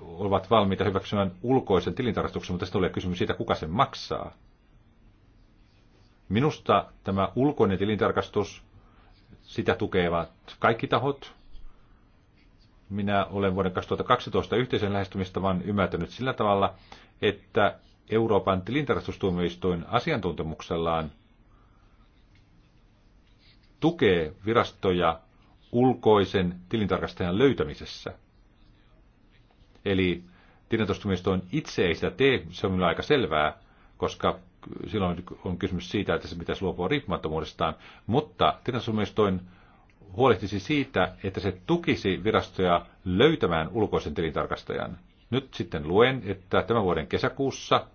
ovat valmiita hyväksymään ulkoisen tilintarkastuksen, mutta tästä tulee kysymys siitä, kuka sen maksaa. Minusta tämä ulkoinen tilintarkastus, sitä tukevat kaikki tahot. Minä olen vuoden 2012 yhteisen lähestymistavan ymmärtänyt sillä tavalla, että Euroopan tilintarkastustuomioistuin asiantuntemuksellaan tukee virastoja ulkoisen tilintarkastajan löytämisessä. Eli tilintarkastustuomioistuin itse ei sitä tee, se on minulle aika selvää, koska silloin on kysymys siitä, että se pitäisi luopua riippumattomuudestaan, mutta tilintarkastustuomioistuin huolehtisi siitä, että se tukisi virastoja löytämään ulkoisen tilintarkastajan. Nyt sitten luen, että tämän vuoden kesäkuussa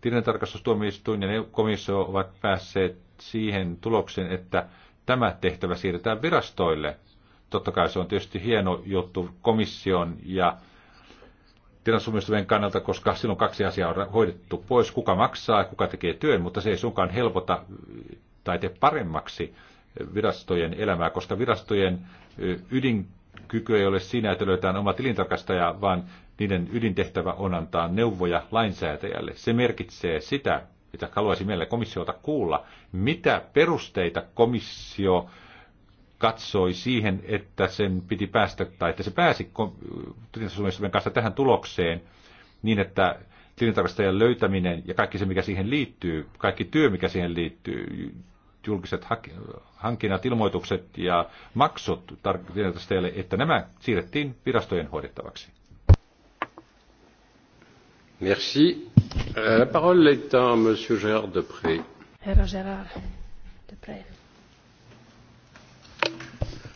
Tilintarkastustuomioistuin ja komissio ovat päässeet siihen tulokseen, että tämä tehtävä siirretään virastoille. Totta kai se on tietysti hieno juttu komission ja tilastumistumien kannalta, koska silloin kaksi asiaa on hoidettu pois. Kuka maksaa ja kuka tekee työn, mutta se ei suinkaan helpota tai tee paremmaksi virastojen elämää, koska virastojen ydinkyky ei ole siinä, että löytää oma tilintarkastaja, vaan niiden ydintehtävä on antaa neuvoja lainsäätäjälle. Se merkitsee sitä, mitä haluaisin meille komissiota kuulla, mitä perusteita komissio katsoi siihen, että sen piti päästä, tai että se pääsi tilintarkastustuomioistuimen kanssa tähän tulokseen, niin että tilintarkastajan löytäminen ja kaikki se, mikä siihen liittyy, kaikki työ, mikä siihen liittyy, julkiset hankinnat, ilmoitukset ja maksut tilintarkastajalle, että nämä siirrettiin virastojen hoidettavaksi. Merci. Euh, la Herra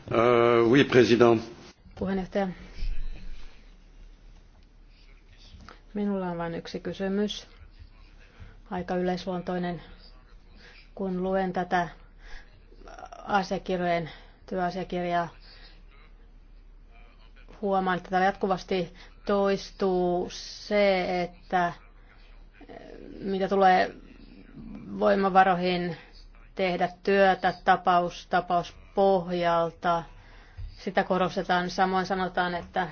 euh, Minulla on vain yksi kysymys. Aika yleisluontoinen. Kun luen tätä asiakirjojen työasiakirjaa, huomaan, että täällä jatkuvasti toistuu se, että eh, mitä tulee voimavaroihin tehdä työtä tapaus, tapaus pohjalta. Sitä korostetaan. Samoin sanotaan, että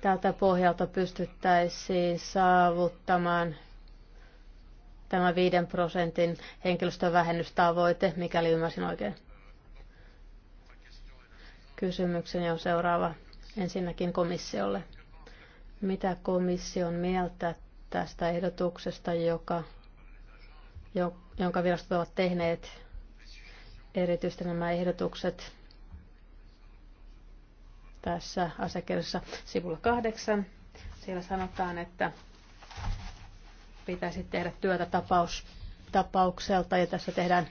tältä pohjalta pystyttäisiin saavuttamaan tämä 5 prosentin henkilöstövähennystavoite, mikäli ymmärsin oikein. Kysymykseni on seuraava ensinnäkin komissiolle. Mitä komission mieltä tästä ehdotuksesta, joka, jonka virastot ovat tehneet, erityisesti nämä ehdotukset tässä asiakirjassa sivulla kahdeksan. Siellä sanotaan, että pitäisi tehdä työtä tapaus, tapaukselta ja tässä tehdään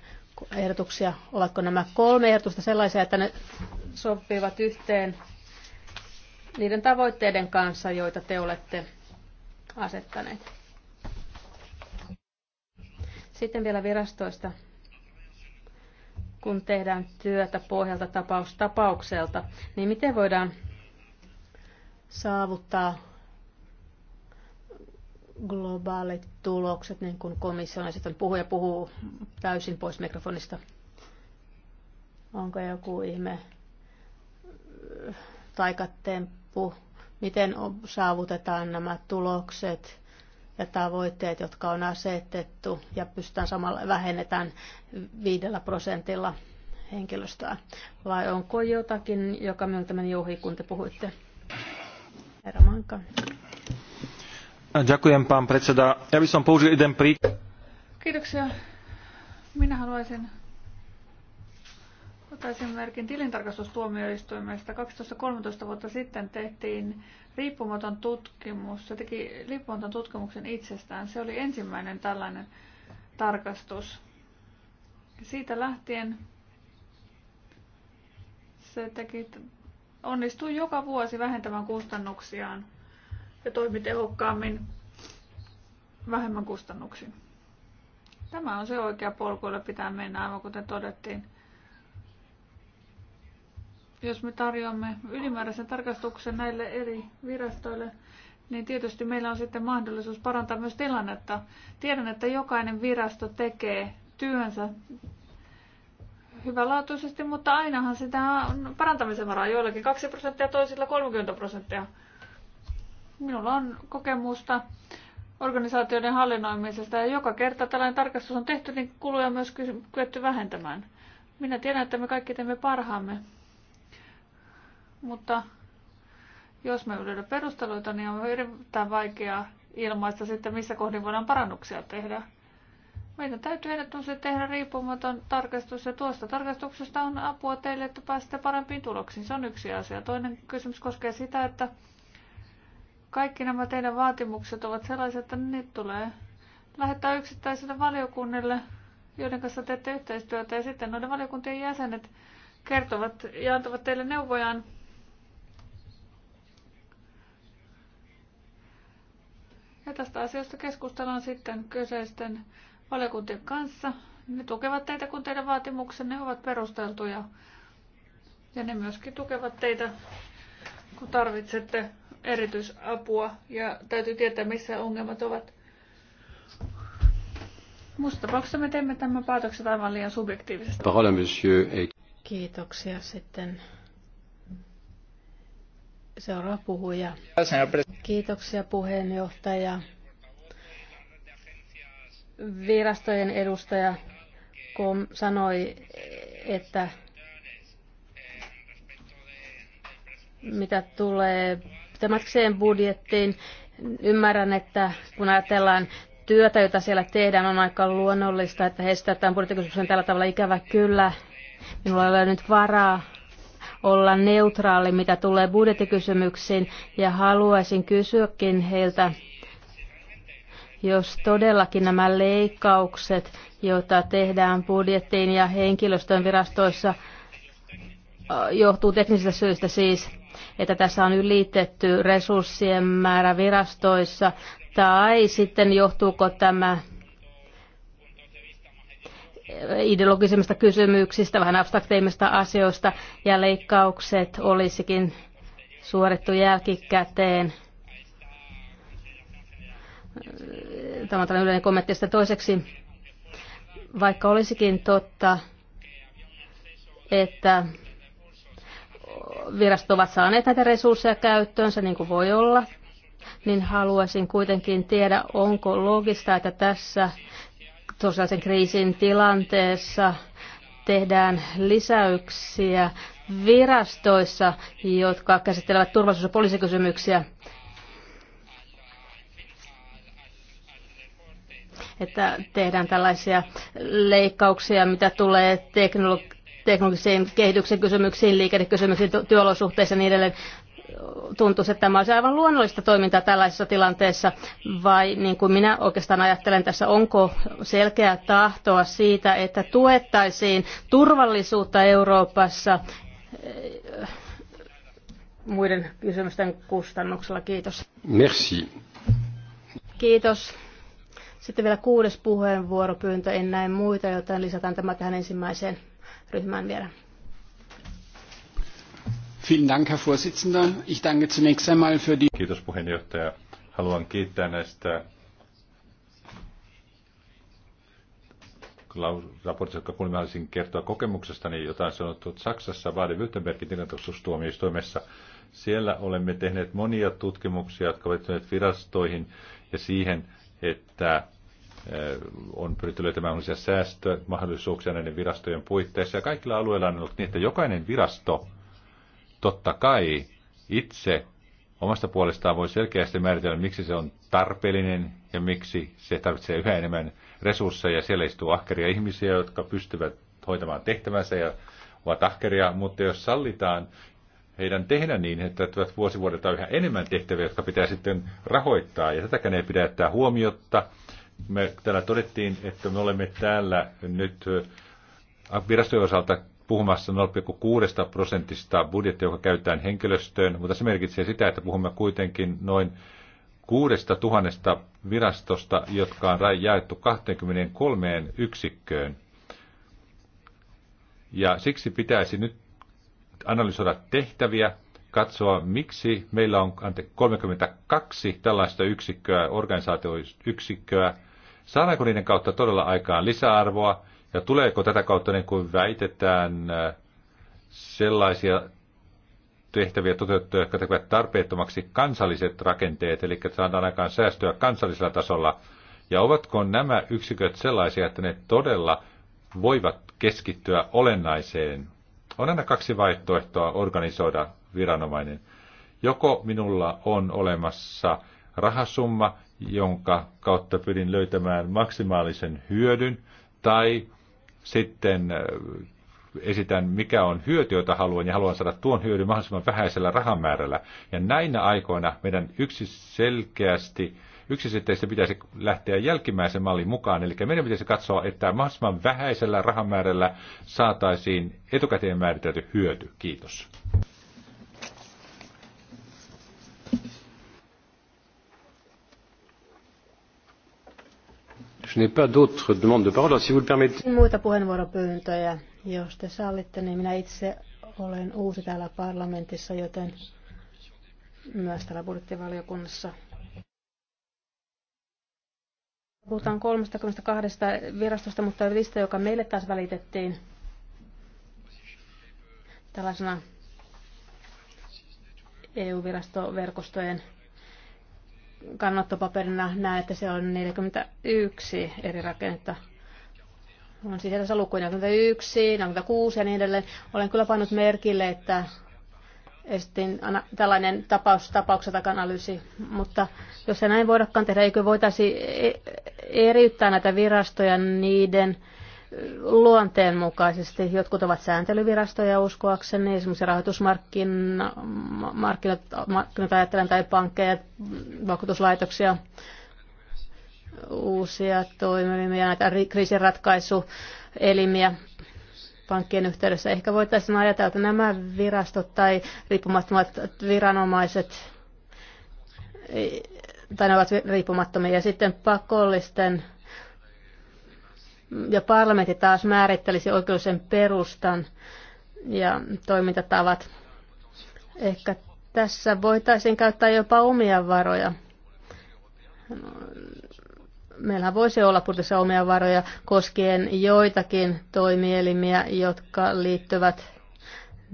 ehdotuksia. Ovatko nämä kolme ehdotusta sellaisia, että ne sopivat yhteen niiden tavoitteiden kanssa, joita te olette asettaneet. Sitten vielä virastoista, kun tehdään työtä pohjalta tapaus tapaukselta, niin miten voidaan saavuttaa globaalit tulokset, niin kuin komission on puhuja puhuu täysin pois mikrofonista. Onko joku ihme taikatemppu? loppu, miten saavutetaan nämä tulokset ja tavoitteet, jotka on asetettu ja pystytään samalla vähennetään viidellä prosentilla henkilöstöä. Vai onko jotakin, joka minulta meni ohi, kun te puhuitte? Herra Manka. Ďakujem, predseda. Ja som použil jeden Kiitoksia. Minä haluaisin Valtaisin merkin tilintarkastustuomioistuimesta 12-13 vuotta sitten tehtiin riippumaton tutkimus. Se teki riippumaton tutkimuksen itsestään. Se oli ensimmäinen tällainen tarkastus. Siitä lähtien se teki, onnistui joka vuosi vähentämään kustannuksiaan ja toimi tehokkaammin vähemmän kustannuksiin. Tämä on se oikea polku, jolla pitää mennä, aivan kuten todettiin. Jos me tarjoamme ylimääräisen tarkastuksen näille eri virastoille, niin tietysti meillä on sitten mahdollisuus parantaa myös tilannetta. Tiedän, että jokainen virasto tekee työnsä hyvälaatuisesti, mutta ainahan sitä on parantamisen varaa joillakin 2 prosenttia, toisilla 30 prosenttia. Minulla on kokemusta organisaatioiden hallinnoimisesta ja joka kerta tällainen tarkastus on tehty, niin kuluja on myös kyetty vähentämään. Minä tiedän, että me kaikki teemme parhaamme, mutta jos me löydä perusteluita, niin on erittäin vaikea ilmaista sitten, missä kohdin voidaan parannuksia tehdä. Meidän täytyy ehdottomasti tehdä riippumaton tarkastus ja tuosta tarkastuksesta on apua teille, että pääsette parempiin tuloksiin. Se on yksi asia. Toinen kysymys koskee sitä, että kaikki nämä teidän vaatimukset ovat sellaisia, että ne tulee lähettää yksittäisille valiokunnille, joiden kanssa teette yhteistyötä ja sitten noiden valiokuntien jäsenet kertovat ja antavat teille neuvojaan Ja tästä asiasta keskustellaan sitten kyseisten valiokuntien kanssa. Ne tukevat teitä, kun teidän vaatimuksenne ovat perusteltuja. Ja ne myöskin tukevat teitä, kun tarvitsette erityisapua ja täytyy tietää, missä ongelmat ovat. Musta tapauksessa me teemme tämän päätöksen aivan liian subjektiivisesti. Kiitoksia sitten Seuraava puhuja. Kiitoksia puheenjohtaja. Virastojen edustaja kom, sanoi, että mitä tulee tämäkseen budjettiin, ymmärrän, että kun ajatellaan työtä, jota siellä tehdään, on aika luonnollista, että he tämän budjettikysymyksen tällä tavalla ikävä kyllä. Minulla ei ole nyt varaa olla neutraali, mitä tulee budjettikysymyksiin, ja haluaisin kysyäkin heiltä, jos todellakin nämä leikkaukset, joita tehdään budjettiin ja henkilöstön virastoissa, johtuu teknisistä syistä siis, että tässä on ylitetty resurssien määrä virastoissa, tai sitten johtuuko tämä ideologisemmista kysymyksistä, vähän abstrakteimmista asioista, ja leikkaukset olisikin suorittu jälkikäteen. Tämä on tällainen yleinen kommentti. Sitten toiseksi, vaikka olisikin totta, että virastot ovat saaneet näitä resursseja käyttöönsä, niin kuin voi olla, niin haluaisin kuitenkin tiedä, onko logista, että tässä sosiaalisen kriisin tilanteessa tehdään lisäyksiä virastoissa, jotka käsittelevät turvallisuus- ja poliisikysymyksiä. Että tehdään tällaisia leikkauksia, mitä tulee teknologi- teknologiseen kehityksen kysymyksiin, liikennekysymyksiin, työolosuhteisiin ja niin edelleen tuntuisi, että tämä olisi aivan luonnollista toimintaa tällaisessa tilanteessa, vai niin kuin minä oikeastaan ajattelen tässä, onko selkeää tahtoa siitä, että tuettaisiin turvallisuutta Euroopassa eh, muiden kysymysten kustannuksella. Kiitos. Merci. Kiitos. Sitten vielä kuudes puheenvuoropyyntö. En näe muita, joten lisätään tämä tähän ensimmäiseen ryhmään vielä. Vielen Dank, Herr Vorsitzender. Ich danke zunächst einmal für die... Kiitos puheenjohtaja. Haluan kiittää näistä raportissa, jotka kuulimme, haluaisin kertoa kokemuksestani, jota on sanottu Saksassa Baden-Württembergin tilintarkastustuomioistuimessa. Siellä olemme tehneet monia tutkimuksia, jotka ovat virastoihin ja siihen, että eh, on pyritty löytämään uusia säästömahdollisuuksia näiden virastojen puitteissa. Ja kaikilla alueilla on ollut niin, että jokainen virasto Totta kai itse omasta puolestaan voi selkeästi määritellä, miksi se on tarpeellinen ja miksi se tarvitsee yhä enemmän resursseja. Siellä istuu ahkeria ihmisiä, jotka pystyvät hoitamaan tehtävänsä ja ovat ahkeria, mutta jos sallitaan heidän tehdä niin, että tulevat vuosivuodelta yhä enemmän tehtäviä, jotka pitää sitten rahoittaa, ja tätäkään ei pidä jättää huomiota. Me täällä todettiin, että me olemme täällä nyt äh, virastojen osalta puhumassa 0,6 prosentista budjettia, joka käytetään henkilöstöön, mutta se merkitsee sitä, että puhumme kuitenkin noin 6 000 virastosta, jotka on jaettu 23 yksikköön. Ja siksi pitäisi nyt analysoida tehtäviä, katsoa, miksi meillä on ante, 32 tällaista yksikköä, organisaatioyksikköä. Saadaanko niiden kautta todella aikaan lisäarvoa? Ja tuleeko tätä kautta, niin kuin väitetään, sellaisia tehtäviä toteuttaa, jotka tekevät tarpeettomaksi kansalliset rakenteet, eli saadaan aikaan säästöä kansallisella tasolla, ja ovatko nämä yksiköt sellaisia, että ne todella voivat keskittyä olennaiseen? On aina kaksi vaihtoehtoa organisoida viranomainen. Joko minulla on olemassa rahasumma, jonka kautta pyrin löytämään maksimaalisen hyödyn, tai sitten äh, esitän, mikä on hyöty, jota haluan, ja haluan saada tuon hyödyn mahdollisimman vähäisellä rahamäärällä. Ja näinä aikoina meidän yksi selkeästi yksiselitteistä pitäisi lähteä jälkimmäisen mallin mukaan. Eli meidän pitäisi katsoa, että mahdollisimman vähäisellä rahamäärällä saataisiin etukäteen määritelty hyöty. Kiitos. Je n'ai pas d'autres demandes de parole. Si vous le permettez. Muita puheenvuoropyyntöjä, jos te sallitte, niin minä itse olen uusi täällä parlamentissa, joten myös täällä budjettivaliokunnassa Puhutaan 32 virastosta, mutta lista, joka meille taas välitettiin tällaisena EU-virastoverkostojen kannattopaperina että se on 41 eri rakennetta. On siis edessä lukuja 41, 46 ja niin edelleen. Olen kyllä pannut merkille, että estin tällainen tapaus, tapauksen analyysi, mutta jos se näin voidakaan tehdä, eikö voitaisiin e- e- eriyttää näitä virastoja niiden luonteenmukaisesti. Jotkut ovat sääntelyvirastoja uskoakseni, esimerkiksi rahoitusmarkkinat ajattelen tai pankkeja, vakuutuslaitoksia, uusia toimimia, näitä kriisinratkaisuelimiä pankkien yhteydessä. Ehkä voitaisiin ajatella, että nämä virastot tai riippumattomat viranomaiset tai ne ovat riippumattomia. Ja sitten pakollisten ja parlamentti taas määrittelisi oikeuden perustan ja toimintatavat. Ehkä tässä voitaisiin käyttää jopa omia varoja. Meillähän voisi olla budjetissa omia varoja koskien joitakin toimielimiä, jotka liittyvät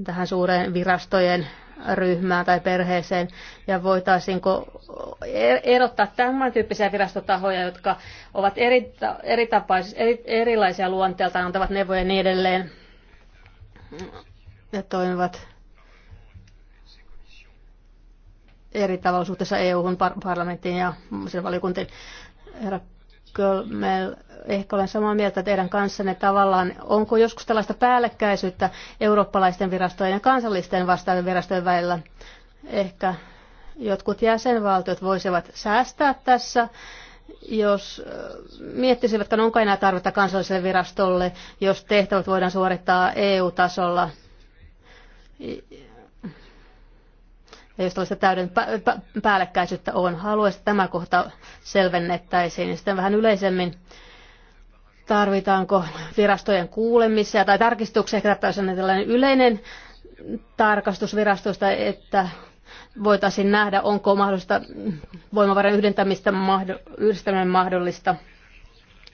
tähän suureen virastojen ryhmään tai perheeseen, ja voitaisiinko er-, erottaa tämän tyyppisiä virastotahoja, jotka ovat eri, eri tapais, eri, erilaisia luonteeltaan, antavat neuvoja niin edelleen, ja toimivat eri tavalla suhteessa eu parlamenttiin ja valiokuntiin. Herra Kyllä me ehkä olen samaa mieltä teidän kanssanne tavallaan, onko joskus tällaista päällekkäisyyttä eurooppalaisten virastojen ja kansallisten vastaavien virastojen välillä? Ehkä jotkut jäsenvaltiot voisivat säästää tässä, jos että onko enää tarvetta kansalliselle virastolle, jos tehtävät voidaan suorittaa EU-tasolla ja jos tällaista täyden päällekkäisyyttä on, haluaisin, että tämä kohta selvennettäisiin. Ja sitten vähän yleisemmin, tarvitaanko virastojen kuulemisia tai tarkistuksia, ehkä tällainen yleinen tarkastusvirastoista, että voitaisiin nähdä, onko mahdollista voimavaran yhdentämistä yhdistäminen mahdollista,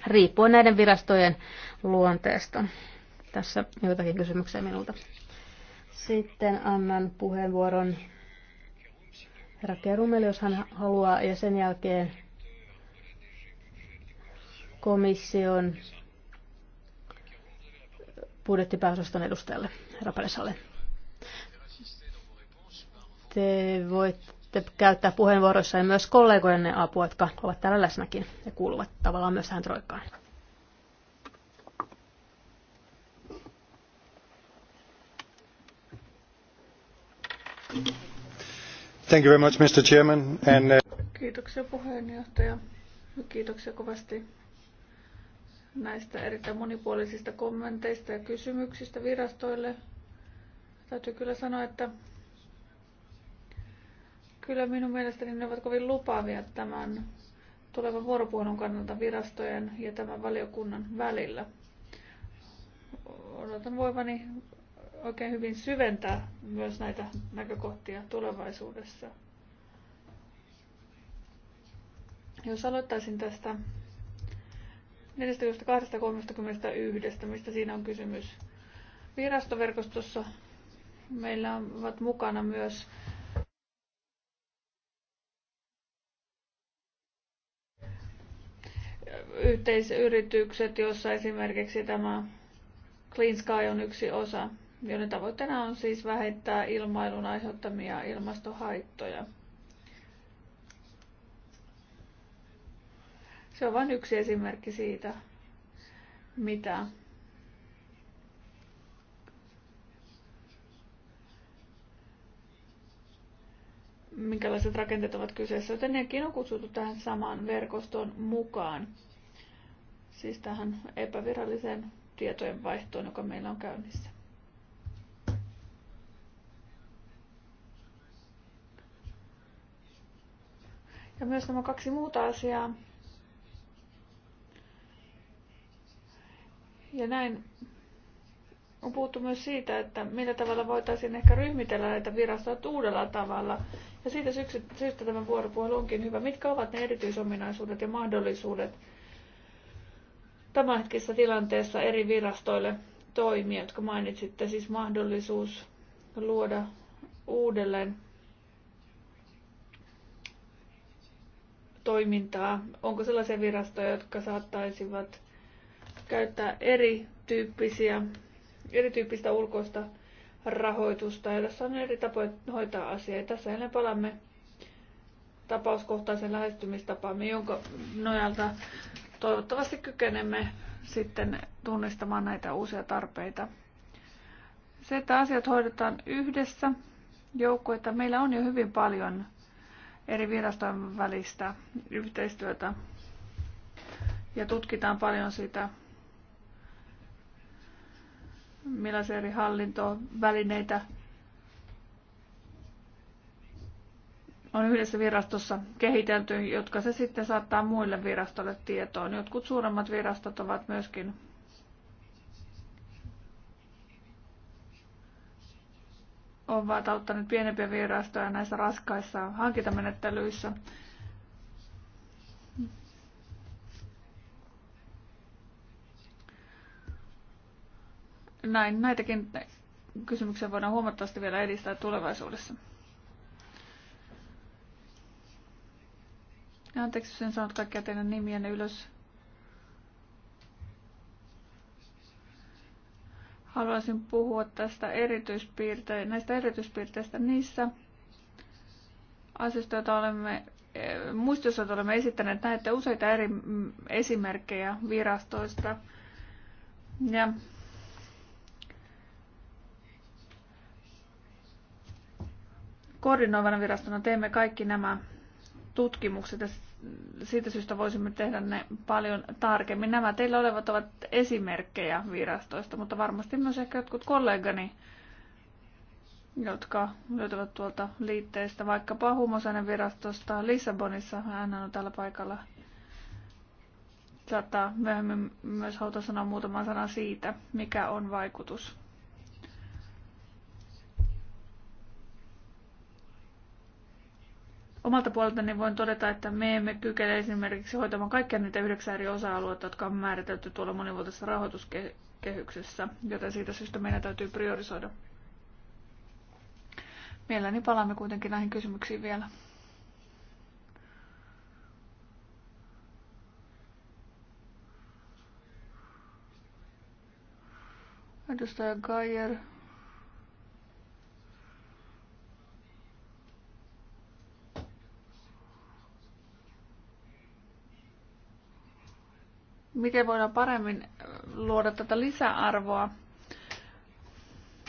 riippuen näiden virastojen luonteesta. Tässä joitakin kysymyksiä minulta. Sitten annan puheenvuoron herra Kerumeli, jos hän haluaa, ja sen jälkeen komission budjettipääosaston edustajalle, herra Palesalle. Te voitte käyttää puheenvuoroissa ja myös kollegojenne apua, jotka ovat täällä läsnäkin ja kuuluvat tavallaan myös tähän troikkaan. Thank you. Thank you very much, Mr. Chairman. And, uh... Kiitoksia puheenjohtaja. Kiitoksia kovasti näistä erittäin monipuolisista kommenteista ja kysymyksistä virastoille. Täytyy kyllä sanoa, että kyllä minun mielestäni ne ovat kovin lupaavia tämän tulevan vuoropuhelun kannalta virastojen ja tämän valiokunnan välillä. Odotan voivani oikein hyvin syventää myös näitä näkökohtia tulevaisuudessa. Jos aloittaisin tästä 42.31, mistä siinä on kysymys. Virastoverkostossa meillä ovat mukana myös yhteisyritykset, joissa esimerkiksi tämä Clean Sky on yksi osa joiden tavoitteena on siis vähentää ilmailun aiheuttamia ilmastohaittoja. Se on vain yksi esimerkki siitä, mitä minkälaiset rakenteet ovat kyseessä, joten nekin on kutsuttu tähän samaan verkostoon mukaan, siis tähän epäviralliseen tietojenvaihtoon, joka meillä on käynnissä. Ja myös nämä kaksi muuta asiaa. Ja näin on puhuttu myös siitä, että millä tavalla voitaisiin ehkä ryhmitellä näitä virastoja uudella tavalla. Ja siitä syystä tämä vuoropuhelu onkin hyvä. Mitkä ovat ne erityisominaisuudet ja mahdollisuudet tämänhetkisessä tilanteessa eri virastoille toimia, jotka mainitsitte, siis mahdollisuus luoda uudelleen toimintaa? Onko sellaisia virastoja, jotka saattaisivat käyttää erityyppisiä, erityyppistä ulkoista rahoitusta, ja tässä on eri tapoja hoitaa asiaa. Tässä ennen palaamme tapauskohtaisen lähestymistapaamme, jonka nojalta toivottavasti kykenemme sitten tunnistamaan näitä uusia tarpeita. Se, että asiat hoidetaan yhdessä, että meillä on jo hyvin paljon eri virastojen välistä yhteistyötä ja tutkitaan paljon sitä, millaisia eri hallintovälineitä on yhdessä virastossa kehitelty, jotka se sitten saattaa muille virastolle tietoon. Jotkut suuremmat virastot ovat myöskin ovat auttaneet pienempiä virastoja näissä raskaissa hankintamenettelyissä. Näin, näitäkin kysymyksiä voidaan huomattavasti vielä edistää tulevaisuudessa. anteeksi, jos en saanut kaikkia teidän nimiänne ylös. Haluaisin puhua tästä erityispiirte- näistä erityispiirteistä niissä asioista, joita olemme eh, muistossa olemme esittäneet näitä useita eri mm, esimerkkejä virastoista. Ja koordinoivana virastona teemme kaikki nämä tutkimukset ja siitä syystä voisimme tehdä ne paljon tarkemmin. Nämä teillä olevat ovat esimerkkejä virastoista, mutta varmasti myös ehkä jotkut kollegani, jotka löytyvät tuolta liitteistä, vaikkapa Humosainen virastosta Lissabonissa, hän on täällä paikalla. Saattaa myöhemmin myös haluta sanoa muutaman sanan siitä, mikä on vaikutus Omalta puoleltani voin todeta, että me emme kykene esimerkiksi hoitamaan kaikkia niitä yhdeksän eri osa-aluetta, jotka on määritelty tuolla monivuotisessa rahoituskehyksessä, joten siitä syystä meidän täytyy priorisoida. Mielelläni palaamme kuitenkin näihin kysymyksiin vielä. Edustaja Geyer miten voidaan paremmin luoda tätä lisäarvoa.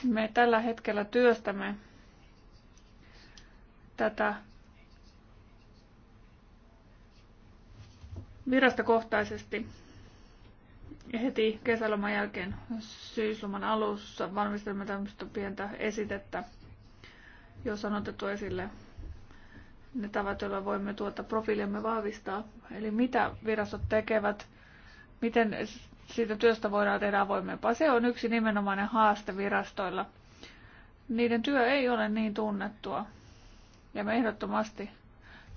Me tällä hetkellä työstämme tätä virastokohtaisesti heti kesäloman jälkeen syysloman alussa valmistelemme tämmöistä pientä esitettä, jossa on otettu esille ne tavat, joilla voimme tuota profiiliamme vahvistaa. Eli mitä virastot tekevät, miten siitä työstä voidaan tehdä avoimempaa. Se on yksi nimenomainen haaste virastoilla. Niiden työ ei ole niin tunnettua ja me ehdottomasti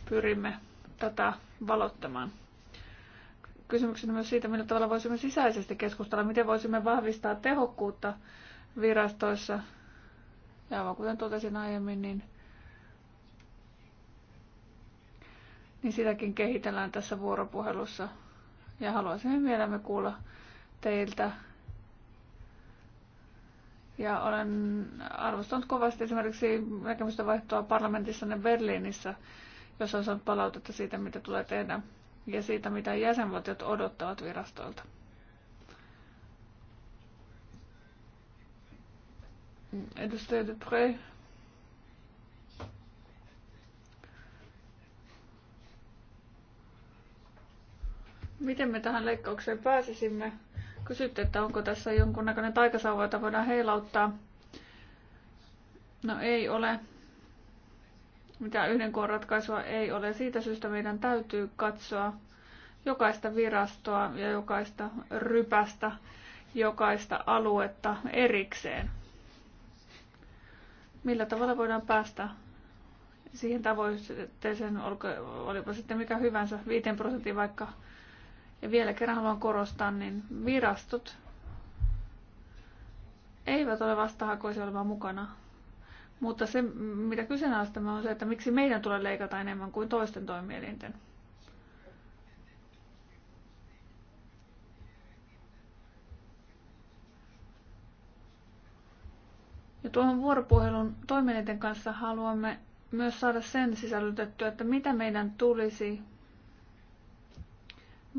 pyrimme tätä valottamaan. Kysymyksenä myös siitä, millä tavalla voisimme sisäisesti keskustella, miten voisimme vahvistaa tehokkuutta virastoissa. Ja kuten totesin aiemmin, niin, niin sitäkin kehitellään tässä vuoropuhelussa ja vielä me kuulla teiltä. Ja olen arvostanut kovasti esimerkiksi näkemystä vaihtoa parlamentissa ne Berliinissä, jos on saanut palautetta siitä, mitä tulee tehdä ja siitä, mitä jäsenvaltiot odottavat virastoilta. Edustaja Dupré Miten me tähän leikkaukseen pääsisimme? Kysytte, että onko tässä jonkunnäköinen taikasauva, jota voidaan heilauttaa. No ei ole. Mitä yhden kuon ratkaisua ei ole. Siitä syystä meidän täytyy katsoa jokaista virastoa ja jokaista rypästä, jokaista aluetta erikseen. Millä tavalla voidaan päästä siihen tavoitteeseen, olipa sitten mikä hyvänsä, 5 prosenttia vaikka ja vielä kerran haluan korostaa, niin virastot eivät ole vastahakoisia olevan mukana. Mutta se, mitä kyseenalaistamme, on se, että miksi meidän tulee leikata enemmän kuin toisten toimielinten. Ja tuohon vuoropuhelun toimielinten kanssa haluamme myös saada sen sisällytettyä, että mitä meidän tulisi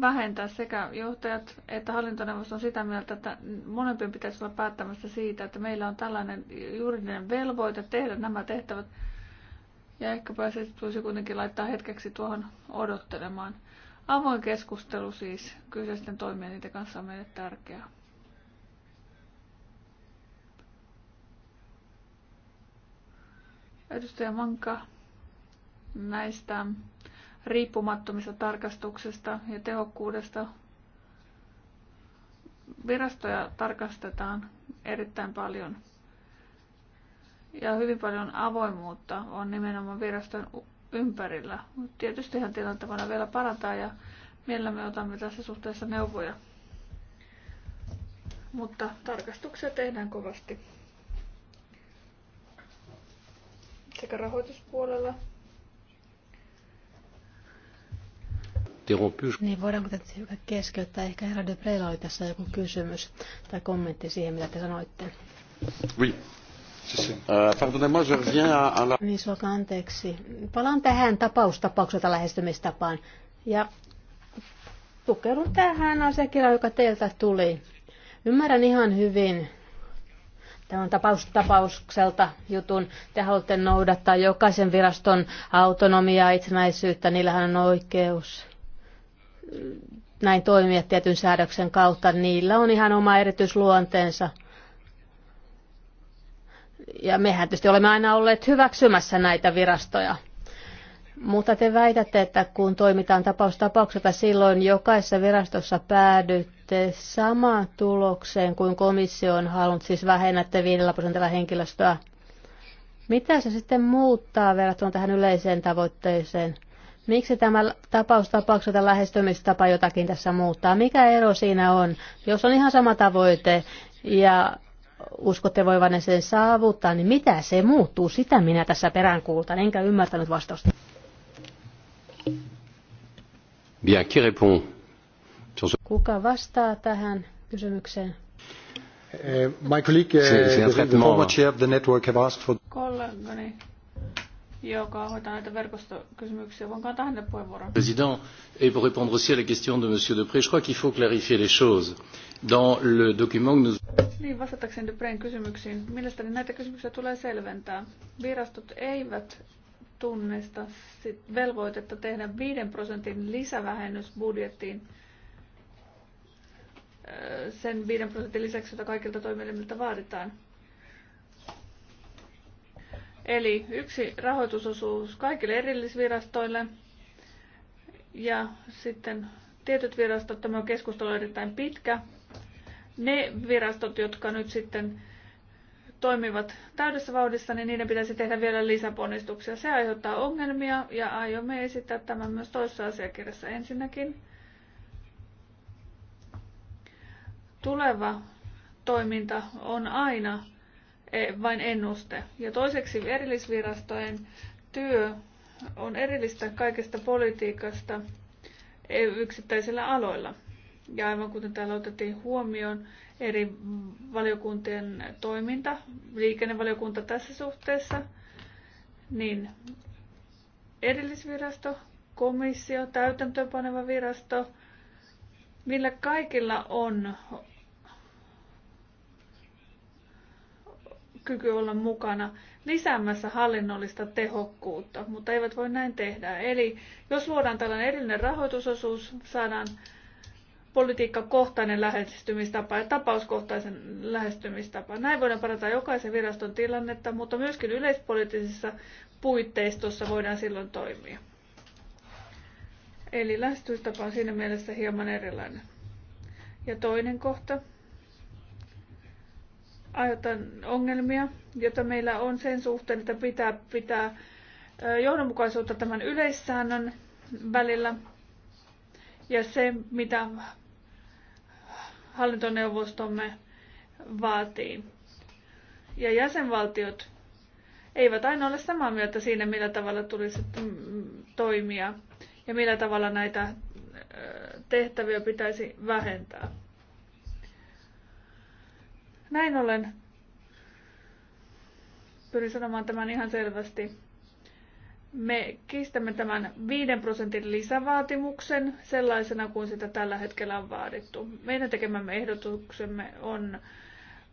vähentää sekä johtajat että hallintoneuvosto on sitä mieltä, että molempien pitäisi olla päättämässä siitä, että meillä on tällainen juridinen velvoite tehdä nämä tehtävät. Ja ehkäpä se tulisi kuitenkin laittaa hetkeksi tuohon odottelemaan. Avoin keskustelu siis kyseisten toimien niiden kanssa on meille tärkeää. Edustaja Manka näistä riippumattomista tarkastuksesta ja tehokkuudesta. Virastoja tarkastetaan erittäin paljon ja hyvin paljon avoimuutta on nimenomaan viraston ympärillä. Tietystihän tilannetta voidaan vielä parantaa ja mielellämme otamme tässä suhteessa neuvoja. Mutta tarkastuksia tehdään kovasti sekä rahoituspuolella Niin, voidaanko tätä hiukan keskeyttää? Ehkä herra de Preilla oli tässä joku kysymys tai kommentti siihen, mitä te sanoitte. Oui. Euh, pardonnez-moi, je reviens à la... Niin, suoka anteeksi. Palaan tähän tapaustapaukselta lähestymistapaan. Ja tukeudun tähän asiakirjaan, joka teiltä tuli. Ymmärrän ihan hyvin tämän tapaustapaukselta jutun. Te haluatte noudattaa jokaisen viraston autonomiaa, itsenäisyyttä, niillähän on oikeus näin toimia tietyn säädöksen kautta, niillä on ihan oma erityisluonteensa. Ja mehän tietysti olemme aina olleet hyväksymässä näitä virastoja. Mutta te väitätte, että kun toimitaan tapaustapaukselta, silloin jokaisessa virastossa päädytte samaan tulokseen kuin komissio on halunnut, siis vähennätte 5 prosentilla henkilöstöä. Mitä se sitten muuttaa verrattuna tähän yleiseen tavoitteeseen? Miksi tämä tapaus tapaukselta lähestymistapa jotakin tässä muuttaa? Mikä ero siinä on? Jos on ihan sama tavoite ja uskotte voivanne sen saavuttaa, niin mitä se muuttuu? Sitä minä tässä peräänkuultan, enkä ymmärtänyt vastausta. Bien, qui répond Kuka vastaa tähän kysymykseen? Eh, my colleague, eh, the former chair of the network, have asked for... Kollegani joka hoitaa näitä verkostokysymyksiä. Voinko antaa hänelle puheenvuoron? Président, et pour répondre aussi à la question de Monsieur Depré, je crois qu'il faut clarifier les choses. Dans le document que nous... Niin, vastatakseni Depreen kysymyksiin. Mielestäni näitä kysymyksiä tulee selventää. Virastot eivät tunnista sit velvoitetta tehdä 5 prosentin lisävähennys budjettiin sen 5 prosentin lisäksi, jota kaikilta toimielimiltä vaaditaan. Eli yksi rahoitusosuus kaikille erillisvirastoille ja sitten tietyt virastot, tämä keskustelu on erittäin pitkä. Ne virastot, jotka nyt sitten toimivat täydessä vauhdissa, niin niiden pitäisi tehdä vielä lisäponnistuksia. Se aiheuttaa ongelmia ja aiomme esittää tämän myös toisessa asiakirjassa ensinnäkin. Tuleva toiminta on aina E, vain ennuste. Ja toiseksi erillisvirastojen työ on erillistä kaikesta politiikasta e, yksittäisillä aloilla. Ja aivan kuten täällä otettiin huomioon, eri valiokuntien toiminta, liikennevaliokunta tässä suhteessa, niin erillisvirasto, komissio, täytäntöönpaneva virasto, millä kaikilla on kyky olla mukana lisäämässä hallinnollista tehokkuutta, mutta eivät voi näin tehdä. Eli jos luodaan tällainen erillinen rahoitusosuus, saadaan politiikkakohtainen lähestymistapa ja tapauskohtaisen lähestymistapa. Näin voidaan parantaa jokaisen viraston tilannetta, mutta myöskin yleispoliittisessa puitteistossa voidaan silloin toimia. Eli lähestymistapa on siinä mielessä hieman erilainen. Ja toinen kohta, aiheuttaa ongelmia, joita meillä on sen suhteen, että pitää pitää johdonmukaisuutta tämän yleissäännön välillä ja se, mitä hallintoneuvostomme vaatii. Ja jäsenvaltiot eivät aina ole samaa mieltä siinä, millä tavalla tulisi toimia ja millä tavalla näitä tehtäviä pitäisi vähentää. Näin ollen pyrin sanomaan tämän ihan selvästi. Me kiistämme tämän 5 prosentin lisävaatimuksen sellaisena kuin sitä tällä hetkellä on vaadittu. Meidän tekemämme ehdotuksemme on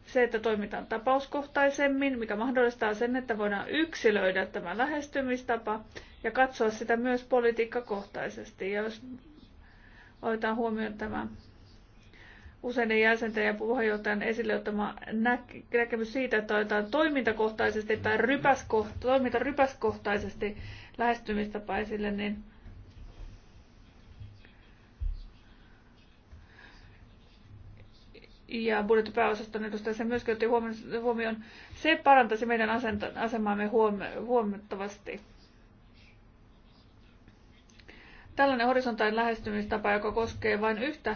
se, että toimitaan tapauskohtaisemmin, mikä mahdollistaa sen, että voidaan yksilöidä tämä lähestymistapa ja katsoa sitä myös politiikkakohtaisesti. Ja jos otetaan huomioon tämä useiden jäsenten ja puheenjohtajan esille ottama näkemys siitä, että otetaan toimintakohtaisesti tai rypäskoht- toimintarypäskohtaisesti lähestymistapa esille, niin ja budjettipääosaston edustaja se myöskin otti huomioon, se parantaisi meidän asemaamme huomattavasti. Tällainen horisontaalinen lähestymistapa, joka koskee vain yhtä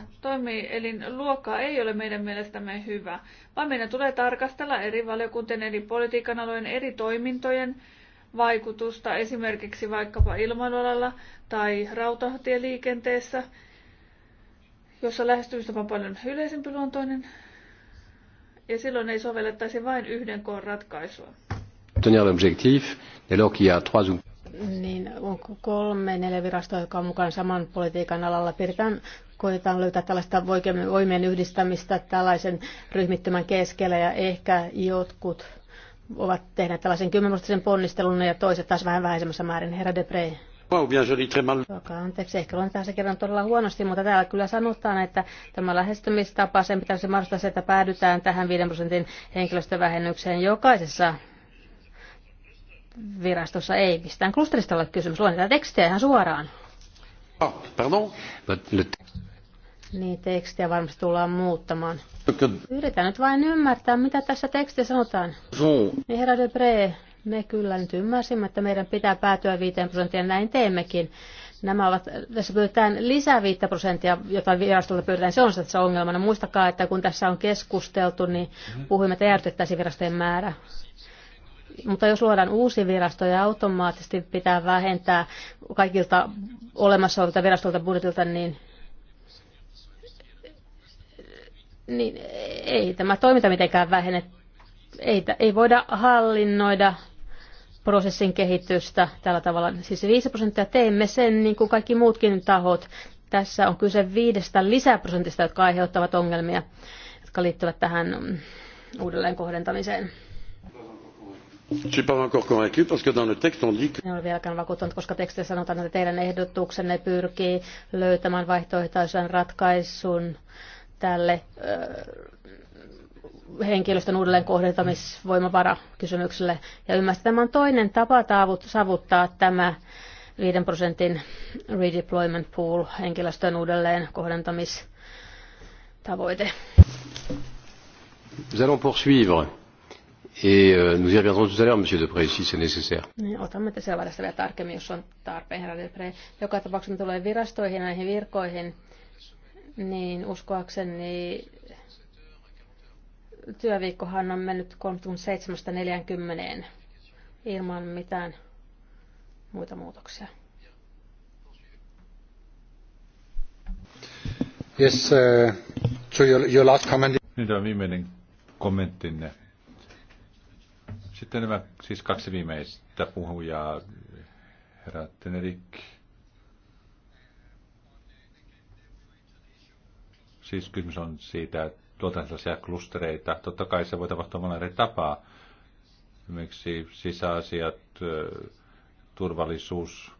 luokkaa, ei ole meidän mielestämme hyvä, vaan meidän tulee tarkastella eri valiokuntien, eri politiikan alojen, eri toimintojen vaikutusta esimerkiksi vaikkapa ilmailualalla tai rautatieliikenteessä, jossa lähestymistapa on paljon yleisempi luontoinen, ja silloin ei sovellettaisi vain yhden koon ratkaisua. Tenir l'objectif, dès lors qu'il y a trois ou niin on kolme, neljä virastoa, jotka on mukana saman politiikan alalla. Pyritään, koitetaan löytää tällaista voimien yhdistämistä tällaisen ryhmittymän keskellä ja ehkä jotkut ovat tehneet tällaisen kymmenvuotisen ponnistelun ja toiset taas vähän vähäisemmässä määrin. Herra Debrey. Wow, Joka, anteeksi, ehkä olen tässä kerran todella huonosti, mutta täällä kyllä sanotaan, että tämä lähestymistapa, sen pitäisi mahdollistaa se, että päädytään tähän 5 prosentin henkilöstövähennykseen jokaisessa virastossa ei mistään klusterista ole kysymys. Luen tätä tekstiä ihan suoraan. Oh, pardon. Niin, tekstiä varmasti tullaan muuttamaan. Yritän nyt vain ymmärtää, mitä tässä tekstissä sanotaan. Niin herra Debré, me kyllä nyt ymmärsimme, että meidän pitää päätyä 5 prosenttia, näin teemmekin. Nämä ovat, tässä pyydetään lisää 5 prosenttia, jota virastolta pyydetään, se on tässä ongelmana. Muistakaa, että kun tässä on keskusteltu, niin puhuimme, että järjestettäisiin virastojen määrä mutta jos luodaan uusi virasto ja automaattisesti pitää vähentää kaikilta olemassa olevilta virastolta budjetilta, niin, niin ei tämä toiminta mitenkään vähene. Ei, ei voida hallinnoida prosessin kehitystä tällä tavalla. Siis 5 prosenttia teemme sen niin kuin kaikki muutkin tahot. Tässä on kyse viidestä lisäprosentista, jotka aiheuttavat ongelmia, jotka liittyvät tähän mm, uudelleen kohdentamiseen. Je pas encore convaincu parce que dans le texte on En ole vieläkään vakuuttunut, koska tekstissä sanotaan, että teidän ehdotuksenne pyrkii löytämään vaihtoehtoisen ratkaisun tälle ö, henkilöstön uudelleen kohdentamisvoimavarakysymykselle. Ja ymmärsin, tämä on toinen tapa taavut, savuttaa tämä 5 prosentin redeployment pool, henkilöstön uudelleen kohdentamistavoite. Nous allons poursuivre. Et euh, nous y reviendrons tout à l'heure, Monsieur Depré, si c'est nécessaire. Niin, niin, uskoakseni työviikkohan on mennyt 37.40 ilman mitään muita muutoksia. Yes, uh, so your, your last comment. Nyt on viimeinen kommenttinne sitten nämä siis kaksi viimeistä puhujaa, herra Tenerik. Siis kysymys on siitä, että tuotetaan sellaisia klustereita. Totta kai se voi tapahtua monella eri tapaa. Esimerkiksi sisäasiat, turvallisuus.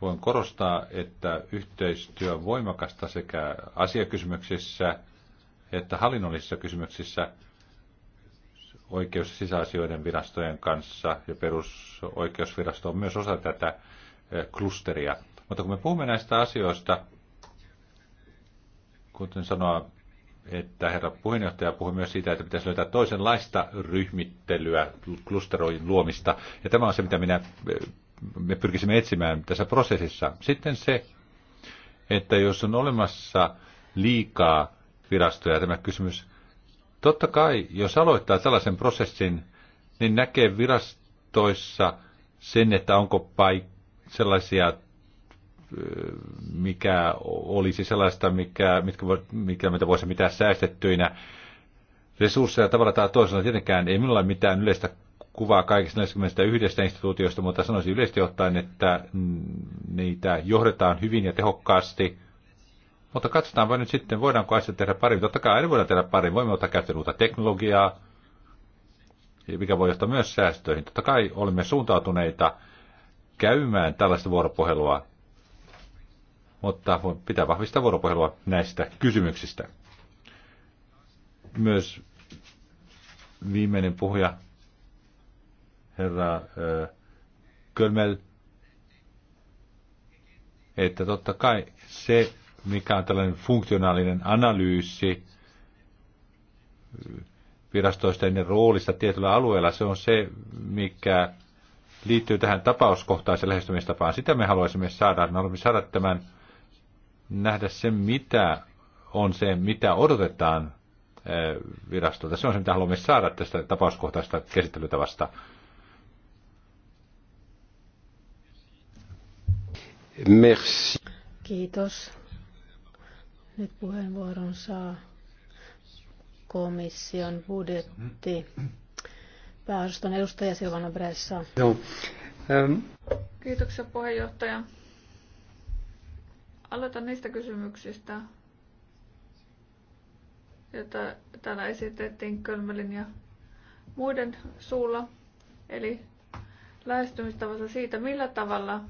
Voin korostaa, että yhteistyö on voimakasta sekä asiakysymyksissä että hallinnollisissa kysymyksissä – oikeus- ja sisäasioiden virastojen kanssa ja perusoikeusvirasto on myös osa tätä eh, klusteria. Mutta kun me puhumme näistä asioista, kuten sanoa, että herra puheenjohtaja puhui myös siitä, että pitäisi löytää toisenlaista ryhmittelyä, klusteroin luomista. Ja tämä on se, mitä minä, eh, me pyrkisimme etsimään tässä prosessissa. Sitten se, että jos on olemassa liikaa virastoja, tämä kysymys Totta kai, jos aloittaa tällaisen prosessin, niin näkee virastoissa sen, että onko paik- sellaisia, mikä olisi sellaista, mikä, mitkä, mikä meitä voisi mitään säästettyinä resursseja tavalla tai toisella. Tietenkään ei minulla ole mitään yleistä kuvaa kaikista 41 instituutiosta, mutta sanoisin yleisesti ottaen, että niitä johdetaan hyvin ja tehokkaasti – mutta katsotaan vain nyt sitten, voidaanko asia tehdä pari Totta kai aina voidaan tehdä pari Voimme ottaa käyttöön uutta teknologiaa, mikä voi johtaa myös säästöihin. Totta kai olemme suuntautuneita käymään tällaista vuoropuhelua, mutta pitää vahvistaa vuoropuhelua näistä kysymyksistä. Myös viimeinen puhuja, herra äh, Kölmel, että totta kai se mikä on tällainen funktionaalinen analyysi virastoista ja roolista tietyllä alueella. Se on se, mikä liittyy tähän tapauskohtaiseen lähestymistapaan. Sitä me haluaisimme saada. Me haluamme saada tämän, nähdä sen, mitä on se, mitä odotetaan eh, virastolta. Se on se, mitä haluamme saada tästä tapauskohtaisesta käsittelytavasta. Merci. Kiitos. Nyt puheenvuoron saa komission budjetti. Pääosaston edustaja Silvana Bressa. Joo. Ähm. Kiitoksia puheenjohtaja. Aloitan niistä kysymyksistä, joita täällä esitettiin Kölmelin ja muiden suulla. Eli lähestymistavassa siitä, millä tavalla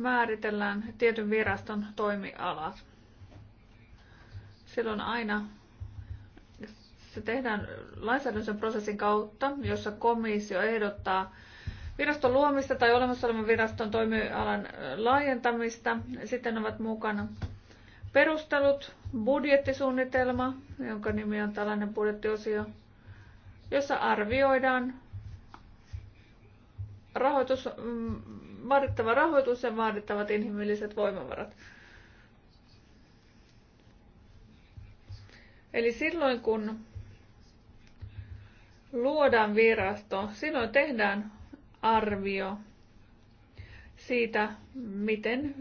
määritellään tietyn viraston toimialat. Silloin aina se tehdään lainsäädännön prosessin kautta, jossa komissio ehdottaa viraston luomista tai olemassa olevan viraston toimialan laajentamista. Sitten ovat mukana perustelut, budjettisuunnitelma, jonka nimi on tällainen budjettiosio, jossa arvioidaan rahoitus mm, vaadittava rahoitus ja vaadittavat inhimilliset voimavarat. Eli silloin kun luodaan virasto, silloin tehdään arvio siitä, miten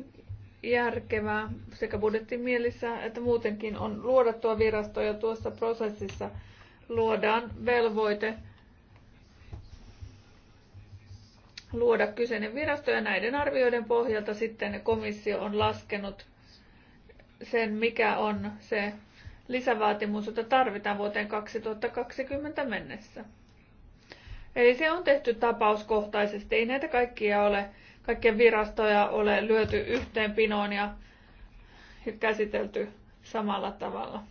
järkevää sekä budjettimielissä että muutenkin on luoda tuo virasto ja tuossa prosessissa luodaan velvoite luoda kyseinen virasto ja näiden arvioiden pohjalta sitten komissio on laskenut sen, mikä on se lisävaatimus, jota tarvitaan vuoteen 2020 mennessä. Eli se on tehty tapauskohtaisesti. Ei näitä kaikkia ole, kaikkien virastoja ole lyöty yhteen pinoon ja käsitelty samalla tavalla.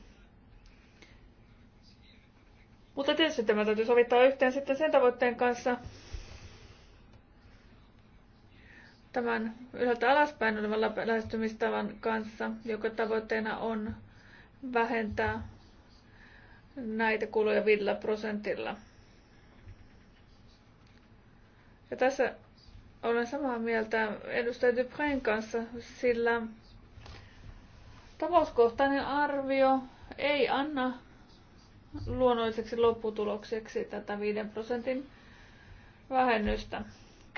Mutta tietysti tämä täytyy sovittaa yhteen sitten sen tavoitteen kanssa, tämän ylhäältä alaspäin olevan lähestymistavan kanssa, joka tavoitteena on vähentää näitä kuluja 5 prosentilla. Ja tässä olen samaa mieltä edustaja Dupreen kanssa, sillä tapauskohtainen arvio ei anna luonnolliseksi lopputulokseksi tätä 5 prosentin vähennystä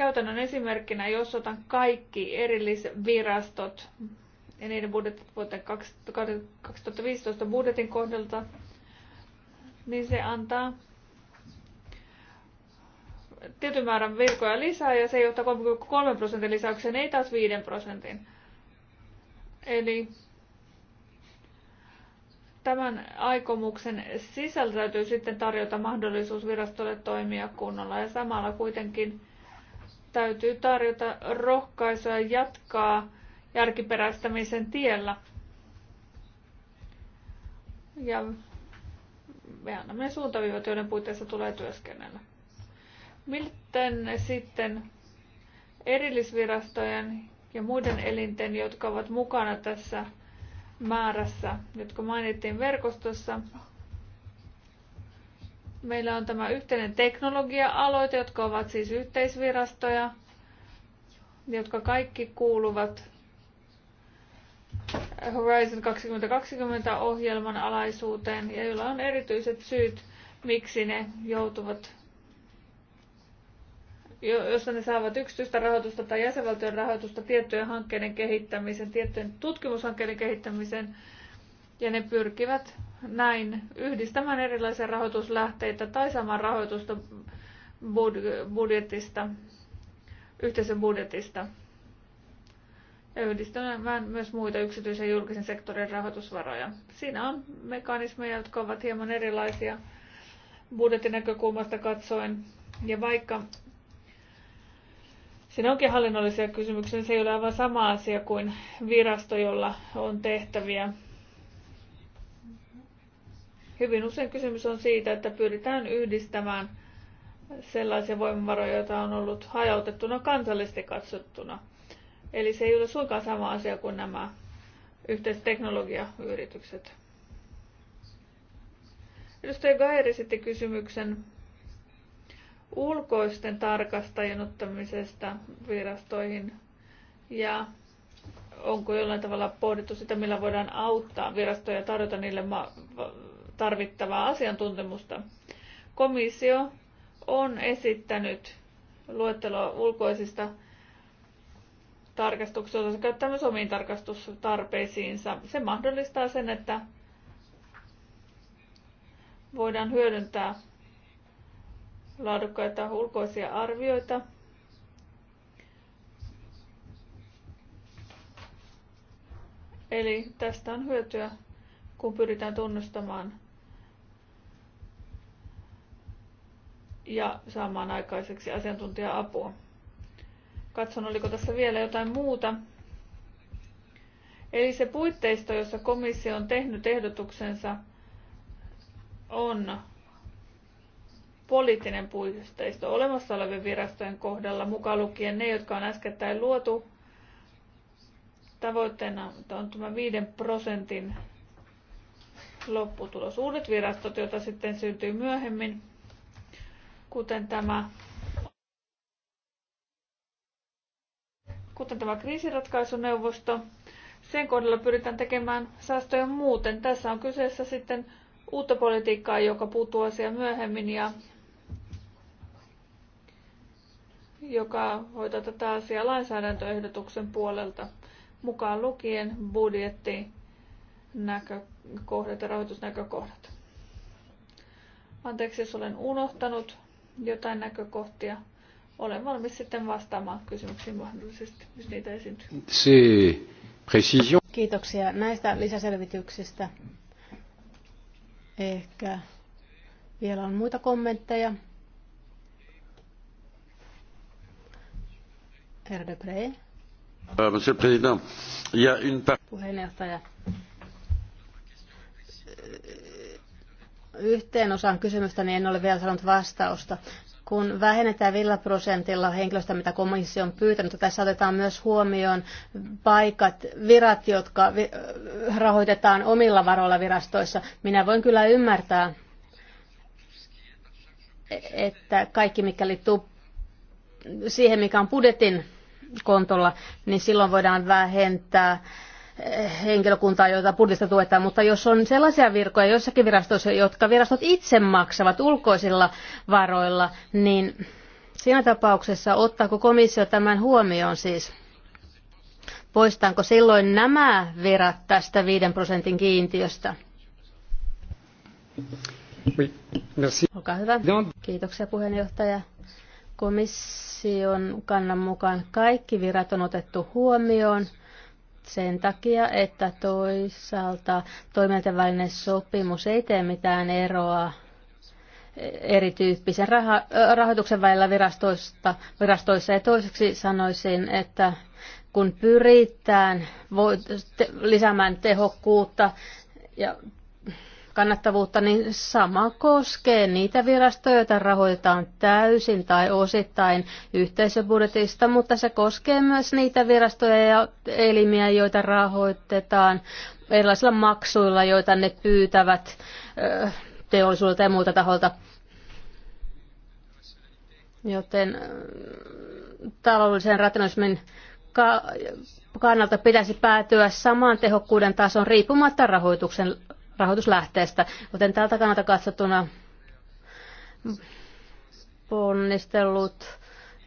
käytännön esimerkkinä, jos otan kaikki erillisvirastot ja niiden budjetit vuoteen 2015 budjetin kohdalta, niin se antaa tietyn määrän virkoja lisää ja se johtaa 3 prosentin lisäykseen, ei taas 5 prosentin. Eli tämän aikomuksen sisällä täytyy sitten tarjota mahdollisuus virastolle toimia kunnolla ja samalla kuitenkin täytyy tarjota rohkaisua jatkaa järkiperäistämisen tiellä. Ja me annamme suuntaviivat, joiden puitteissa tulee työskennellä. Miten sitten erillisvirastojen ja muiden elinten, jotka ovat mukana tässä määrässä, jotka mainittiin verkostossa, Meillä on tämä yhteinen teknologia-aloite, jotka ovat siis yhteisvirastoja, jotka kaikki kuuluvat Horizon 2020-ohjelman alaisuuteen ja joilla on erityiset syyt, miksi ne joutuvat, jos ne saavat yksityistä rahoitusta tai jäsenvaltion rahoitusta tiettyjen hankkeiden kehittämiseen, tiettyjen tutkimushankkeiden kehittämiseen, ja ne pyrkivät näin yhdistämään erilaisia rahoituslähteitä tai saamaan rahoitusta budjetista, yhteisön budjetista ja yhdistämään myös muita yksityisen ja julkisen sektorin rahoitusvaroja. Siinä on mekanismeja, jotka ovat hieman erilaisia budjetin näkökulmasta katsoen. Ja vaikka siinä onkin hallinnollisia kysymyksiä, niin se ei ole aivan sama asia kuin virasto, jolla on tehtäviä Hyvin usein kysymys on siitä, että pyritään yhdistämään sellaisia voimavaroja, joita on ollut hajautettuna kansallisesti katsottuna. Eli se ei ole suinkaan sama asia kuin nämä yhteiset teknologiayritykset. Edustaja Gair esitti kysymyksen ulkoisten tarkastajien ottamisesta virastoihin ja onko jollain tavalla pohdittu sitä, millä voidaan auttaa virastoja tarjota niille ma- tarvittavaa asiantuntemusta. Komissio on esittänyt luetteloa ulkoisista tarkastuksista, se käyttää myös omiin tarkastustarpeisiinsa. Se mahdollistaa sen, että voidaan hyödyntää laadukkaita ulkoisia arvioita. Eli tästä on hyötyä, kun pyritään tunnustamaan ja saamaan aikaiseksi asiantuntija-apua. Katson, oliko tässä vielä jotain muuta. Eli se puitteisto, jossa komissio on tehnyt ehdotuksensa, on poliittinen puitteisto olemassa olevien virastojen kohdalla, mukaan lukien ne, jotka on äskettäin luotu. Tavoitteena on tämä 5 prosentin lopputulos. Uudet virastot, joita sitten syntyy myöhemmin, kuten tämä kuten tämä kriisiratkaisuneuvosto. Sen kohdalla pyritään tekemään säästöjä muuten. Tässä on kyseessä sitten uutta politiikkaa, joka puuttuu asiaan myöhemmin ja joka hoitaa tätä asiaa lainsäädäntöehdotuksen puolelta mukaan lukien budjetti, näkökohdat ja rahoitusnäkökohdat. Anteeksi, jos olen unohtanut jotain näkökohtia, olen valmis sitten vastaamaan kysymyksiin mahdollisesti, jos niitä esiintyy. Kiitoksia näistä lisäselvityksistä. Ehkä vielä on muita kommentteja. Herra äh, Monsieur le Président, il y a une... Puheenjohtaja yhteen osaan kysymystä, niin en ole vielä saanut vastausta. Kun vähennetään villaprosentilla henkilöstä, mitä komissio on pyytänyt, tässä otetaan myös huomioon paikat, virat, jotka vi- rahoitetaan omilla varoilla virastoissa. Minä voin kyllä ymmärtää, että kaikki mikä liittyy siihen, mikä on budjetin kontolla, niin silloin voidaan vähentää henkilökuntaa, joita budjetista tuetaan, mutta jos on sellaisia virkoja jossakin virastoissa, jotka virastot itse maksavat ulkoisilla varoilla, niin siinä tapauksessa ottaako komissio tämän huomioon siis? Poistaanko silloin nämä virat tästä 5 prosentin kiintiöstä? Olkaa hyvä. Kiitoksia puheenjohtaja. Komission kannan mukaan kaikki virat on otettu huomioon sen takia, että toisaalta toimijoiden välinen sopimus ei tee mitään eroa erityyppisen raho- rahoituksen välillä virastoista, virastoissa. Ja toiseksi sanoisin, että kun pyritään lisäämään tehokkuutta ja kannattavuutta, niin sama koskee niitä virastoja, joita rahoitetaan täysin tai osittain yhteisöbudjetista, mutta se koskee myös niitä virastoja ja elimiä, joita rahoitetaan erilaisilla maksuilla, joita ne pyytävät teollisuudelta ja muilta taholta. Joten taloudellisen rationalismin kannalta pitäisi päätyä samaan tehokkuuden tason riippumatta rahoituksen rahoituslähteestä. Joten tältä kannalta katsottuna ponnistelut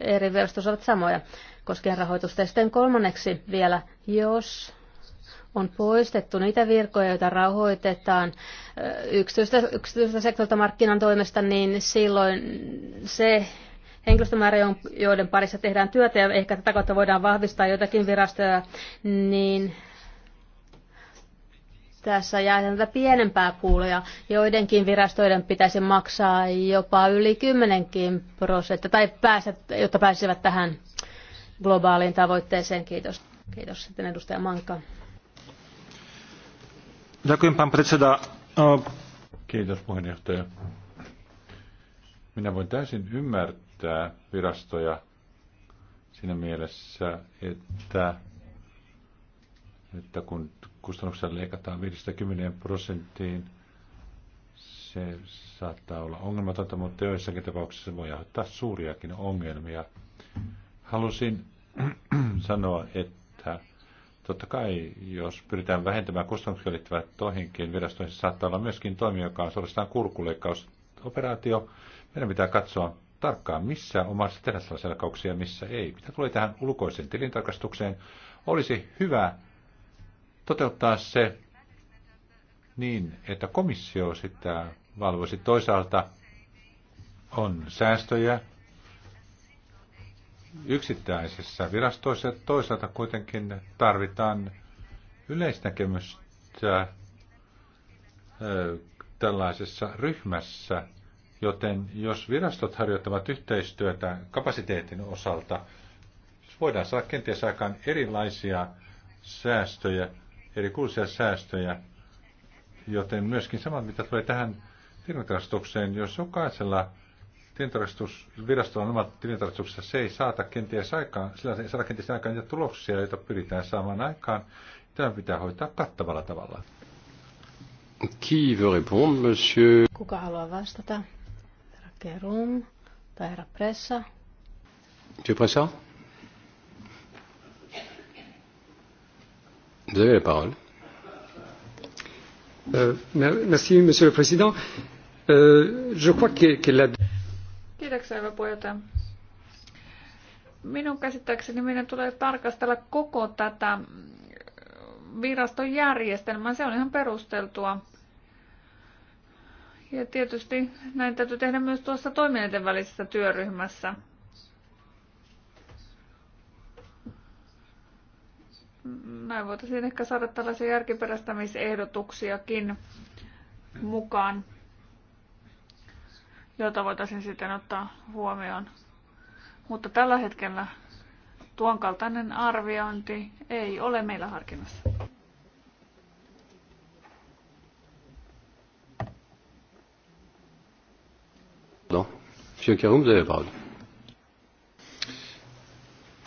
eri verstossa ovat samoja koskien rahoitusta. Ja sitten kolmanneksi vielä, jos on poistettu niitä virkoja, joita rahoitetaan yksityistä, yksityistä sektorilta markkinan toimesta, niin silloin se henkilöstömäärä, joiden parissa tehdään työtä ja ehkä tätä kautta voidaan vahvistaa jotakin virastoja, niin tässä jää näitä pienempää kuuloja. Joidenkin virastoiden pitäisi maksaa jopa yli 10 prosenttia, tai päästä, jotta pääsisivät tähän globaaliin tavoitteeseen. Kiitos. Kiitos sitten edustaja Manka. Kiitos puheenjohtaja. Minä voin täysin ymmärtää virastoja siinä mielessä, että, että kun kustannuksia leikataan 50 prosenttiin. Se saattaa olla ongelmatonta, mutta joissakin tapauksissa se voi aiheuttaa suuriakin ongelmia. Halusin *clears throat* sanoa, että totta kai, jos pyritään vähentämään kustannuksia liittyvää toihinkin virastoihin, se saattaa olla myöskin toimi, joka on suorastaan kurkuleikkausoperaatio. Meidän pitää katsoa tarkkaan, missä omassa mahdollista tehdä sellaisia missä ei. Mitä tulee tähän ulkoiseen tilintarkastukseen, olisi hyvä toteuttaa se niin, että komissio sitä valvoisi. Toisaalta on säästöjä yksittäisissä virastoissa toisaalta kuitenkin tarvitaan yleisnäkemystä tällaisessa ryhmässä, joten jos virastot harjoittavat yhteistyötä kapasiteetin osalta, voidaan saada kenties aikaan erilaisia säästöjä – eli kuusia säästöjä. Joten myöskin samat, mitä tulee tähän tilintarkastukseen, jos jokaisella tilintarkastusvirastolla on omat tilintarkastuksessa, se ei saata kenties aikaan, sillä ei saada kenties aikaan niitä tuloksia, joita pyritään saamaan aikaan. Tämä pitää hoitaa kattavalla tavalla. Qui veut répondre, monsieur? Kuka haluaa vastata? Herra Kerun tai herra Pressa? Monsieur Pressa? Vous avez la parole. Euh, merci, Monsieur le Président. Euh, je crois que, que la... Minun käsittääkseni meidän tulee tarkastella koko tätä viraston järjestelmää. Se on ihan perusteltua. Ja tietysti näin täytyy tehdä myös tuossa toimijoiden välisessä työryhmässä. mä voitaisiin ehkä saada tällaisia järkiperäistämisehdotuksiakin mukaan, jota voitaisiin sitten ottaa huomioon. Mutta tällä hetkellä tuon kaltainen arviointi ei ole meillä harkinnassa. No, Monsieur Karoum, vous avez parole.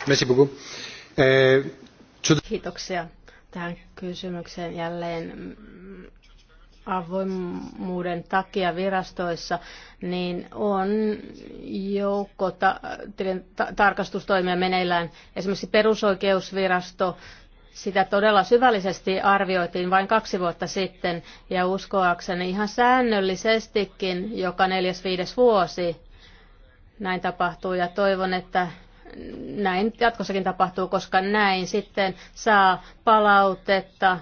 Merci beaucoup. Euh, Kiitoksia tähän kysymykseen jälleen avoimuuden takia virastoissa, niin on joukko ta- ta- tarkastustoimia meneillään. Esimerkiksi perusoikeusvirasto, sitä todella syvällisesti arvioitiin vain kaksi vuotta sitten, ja uskoakseni ihan säännöllisestikin joka neljäs viides vuosi näin tapahtuu, ja toivon, että näin jatkossakin tapahtuu, koska näin sitten saa palautetta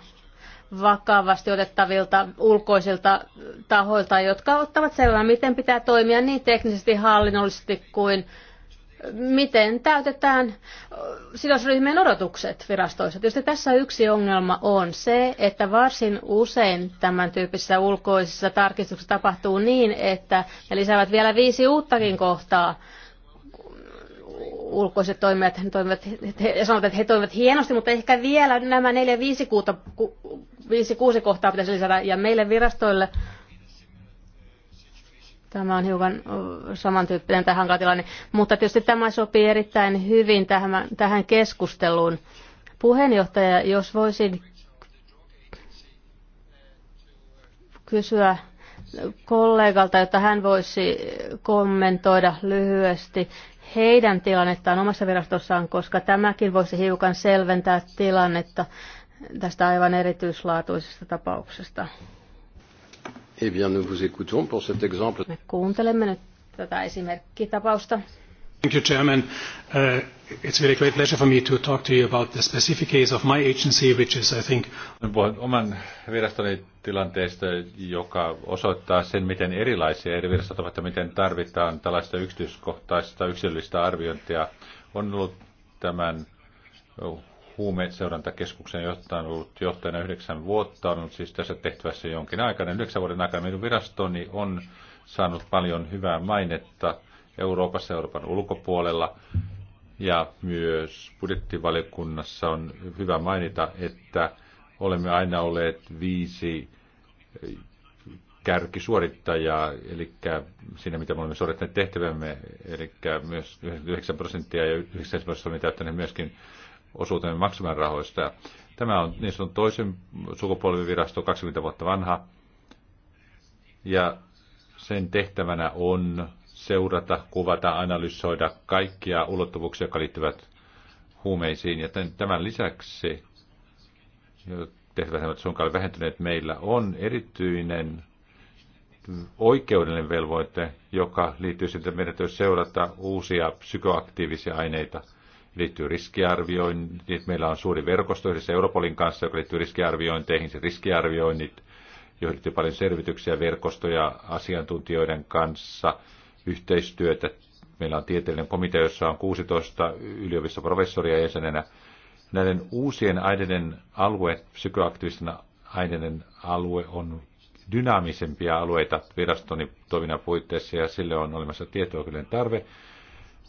vakavasti otettavilta ulkoisilta tahoilta, jotka ottavat selvää, miten pitää toimia niin teknisesti, hallinnollisesti kuin miten täytetään sidosryhmien odotukset virastoissa. Tietysti tässä yksi ongelma on se, että varsin usein tämän tyyppisissä ulkoisissa tarkistuksissa tapahtuu niin, että ne lisäävät vielä viisi uuttakin kohtaa ulkoiset toimijat toimivat, he sanovat, että he toimivat hienosti, mutta ehkä vielä nämä 4 5 6, 5, 6 kohtaa pitäisi lisätä. Ja meille virastoille tämä on hiukan samantyyppinen tai hankala tilanne. Mutta tietysti tämä sopii erittäin hyvin tähän, tähän keskusteluun. Puheenjohtaja, jos voisin kysyä kollegalta, jotta hän voisi kommentoida lyhyesti heidän tilannettaan omassa virastossaan, koska tämäkin voisi hiukan selventää tilannetta tästä aivan erityislaatuisesta tapauksesta. Eh bien, nous vous écoutons pour cet exemple. Me kuuntelemme nyt tätä esimerkkitapausta. Thank you, Chairman. Uh, it's really a great pleasure for me to talk to you about the specific case of my agency, which is, I think... oman virastoni tilanteesta, joka osoittaa sen, miten erilaisia eri virastot ovat ja miten tarvitaan tällaista yksityiskohtaista yksilöllistä arviointia. On ollut tämän huumeseurantakeskuksen johtajan ollut johtajana yhdeksän vuotta, on ollut siis tässä tehtävässä jonkin aikana. Yhdeksän vuoden aikana minun virastoni on saanut paljon hyvää mainetta Euroopassa, Euroopan ulkopuolella. Ja myös budjettivaliokunnassa on hyvä mainita, että olemme aina olleet viisi kärkisuorittajaa, eli siinä mitä me olemme suorittaneet tehtävämme, eli myös 9 prosenttia ja 9 prosenttia olemme täyttäneet myöskin osuutemme rahoista. Tämä on niin sanotun toisen sukupolvivirasto, 20 vuotta vanha, ja sen tehtävänä on seurata, kuvata, analysoida kaikkia ulottuvuuksia, jotka liittyvät huumeisiin. Ja tämän lisäksi tehtävät ovat suinkaan vähentyneet. Meillä on erityinen oikeudellinen velvoite, joka liittyy sitten meidän seurata uusia psykoaktiivisia aineita. Liittyy riskiarviointiin. Meillä on suuri verkosto yhdessä Europolin kanssa, joka liittyy riskiarviointeihin. Se riskiarvioinnit, joihin paljon selvityksiä verkostoja asiantuntijoiden kanssa – yhteistyötä. Meillä on tieteellinen komitea, jossa on 16 yliopistoprofessoria jäsenenä. Näiden uusien aineiden alue, psykoaktiivisten aineiden alue on dynaamisempia alueita virastoni toiminnan puitteissa ja sille on olemassa tietoakyllinen tarve.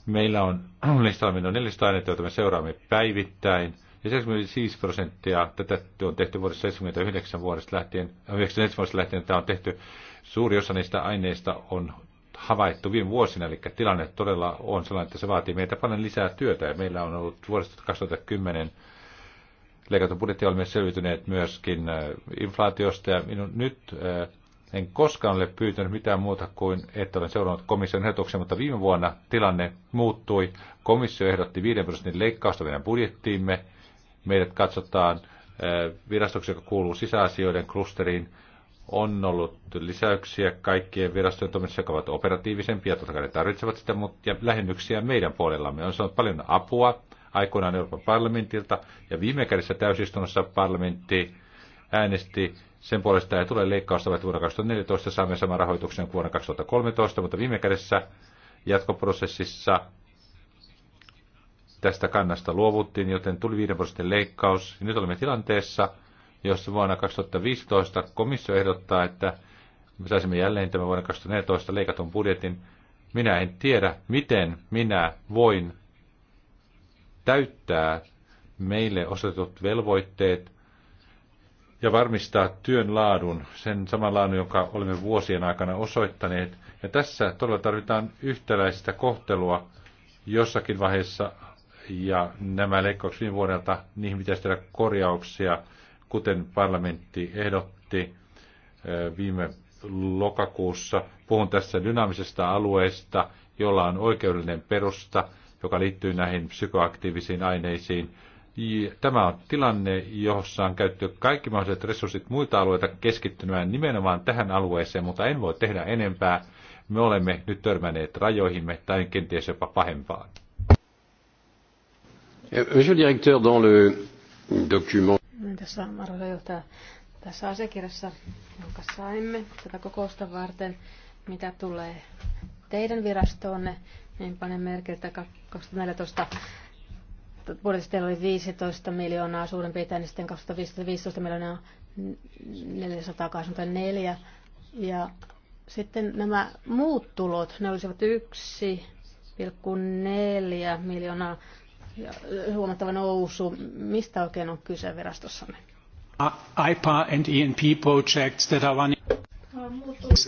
Meillä on *clears throat* listalla on 400 aineita, joita me seuraamme päivittäin. Ja 75 prosenttia, tätä on tehty vuodesta 79 vuodesta lähtien, 99 äh, vuodesta lähtien tämä on tehty. Suuri osa niistä aineista on havaittu viime vuosina, eli tilanne todella on sellainen, että se vaatii meitä paljon lisää työtä, ja meillä on ollut vuodesta 2010 leikattu budjetti, olemme selvityneet myöskin äh, inflaatiosta, ja minun nyt äh, en koskaan ole pyytänyt mitään muuta kuin, että olen seurannut komission ehdotuksia, mutta viime vuonna tilanne muuttui. Komissio ehdotti 5 prosentin leikkausta meidän budjettiimme. Meidät katsotaan äh, virastoksi, joka kuuluu sisäasioiden klusteriin, on ollut lisäyksiä kaikkien virastojen toiminnassa, jotka ovat operatiivisempia, totta kai ne tarvitsevat sitä, mutta ja lähennyksiä meidän puolellamme. On saanut paljon apua aikoinaan Euroopan parlamentilta, ja viime kädessä täysistunnossa parlamentti äänesti sen puolesta, että tulee leikkausta, että vuonna 2014 saamme saman rahoituksen kuin vuonna 2013, mutta viime kädessä jatkoprosessissa tästä kannasta luovuttiin, joten tuli 5 prosentin leikkaus. Ja nyt olemme tilanteessa, jossa vuonna 2015 komissio ehdottaa, että me saisimme jälleen tämän vuonna 2014 leikatun budjetin. Minä en tiedä, miten minä voin täyttää meille osoitetut velvoitteet ja varmistaa työn laadun, sen saman laadun, jonka olemme vuosien aikana osoittaneet. Ja tässä todella tarvitaan yhtäläistä kohtelua jossakin vaiheessa, ja nämä leikkaukset viime vuodelta, niihin pitäisi tehdä korjauksia – kuten parlamentti ehdotti viime lokakuussa. Puhun tässä dynaamisesta alueesta, jolla on oikeudellinen perusta, joka liittyy näihin psykoaktiivisiin aineisiin. Tämä on tilanne, jossa on käytetty kaikki mahdolliset resurssit muilta alueita keskittymään nimenomaan tähän alueeseen, mutta en voi tehdä enempää. Me olemme nyt törmänneet rajoihimme tai kenties jopa pahempaan. Monsieur le directeur, dans le document tässä on arvoisa tässä asiakirjassa, jonka saimme tätä kokousta varten, mitä tulee teidän virastoonne, niin panen että 2014 budjetissa teillä oli 15 miljoonaa suurin piirtein, niin sitten 2015 miljoonaa 484. Ja sitten nämä muut tulot, ne olisivat 1,4 miljoonaa ja eh, huomattava nousu. Mistä oikein on kyse virastossanne? Uh, IPA and ENP projects that are running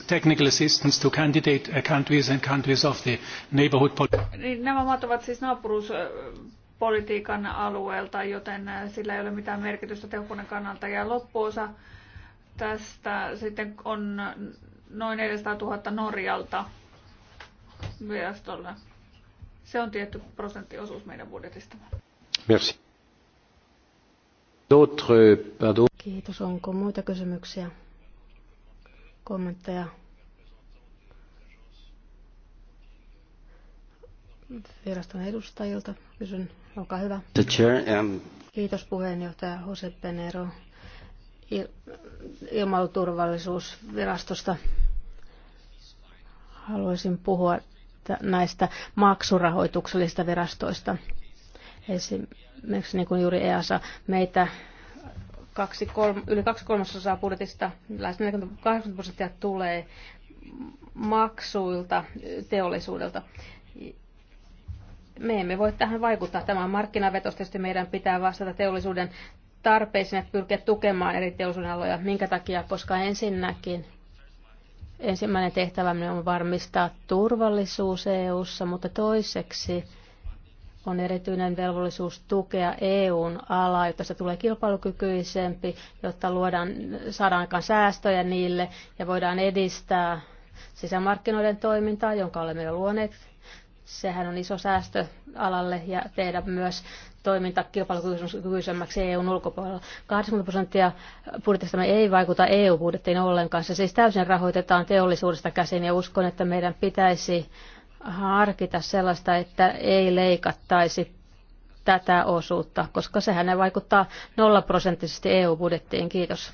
technical assistance to candidate uh, countries and countries of the neighborhood niin, Nämä maat ovat siis naapuruuspolitiikan alueelta, joten äh, sillä ei ole mitään merkitystä tehokkuuden kannalta. Ja loppuosa tästä sitten on noin 400 000 Norjalta virastolle. Se on tietty prosenttiosuus meidän budjetistamme. Merci. Kiitos. Onko muita kysymyksiä? Kommentteja? Viraston edustajilta kysyn. Olkaa hyvä. The chair, um... Kiitos puheenjohtaja Jose Penero ilmailuturvallisuusvirastosta. Haluaisin puhua näistä maksurahoituksellisista virastoista. Esimerkiksi niin kuin juuri EASA, meitä kaksi, kolm, yli kaksi kolmasosaa budjetista, lähes 80 prosenttia tulee maksuilta teollisuudelta. Me emme voi tähän vaikuttaa. Tämä on markkinavetos. Tietysti meidän pitää vastata teollisuuden tarpeisiin ja pyrkiä tukemaan eri teollisuuden aloja. Minkä takia? Koska ensinnäkin Ensimmäinen tehtävä on varmistaa turvallisuus EU:ssa, mutta toiseksi on erityinen velvollisuus tukea EUn alaa, jotta se tulee kilpailukykyisempi, jotta luodaan, saadaan aikaan säästöjä niille ja voidaan edistää sisämarkkinoiden toimintaa, jonka olemme jo luoneet. Sehän on iso säästö alalle ja tehdä myös toiminta kilpailukykyisemmäksi EUn ulkopuolella. 80 prosenttia budjetista ei vaikuta EU-budjettiin ollenkaan. Se siis täysin rahoitetaan teollisuudesta käsin ja uskon, että meidän pitäisi harkita sellaista, että ei leikattaisi tätä osuutta, koska sehän ne vaikuttaa nollaprosenttisesti EU-budjettiin. Kiitos.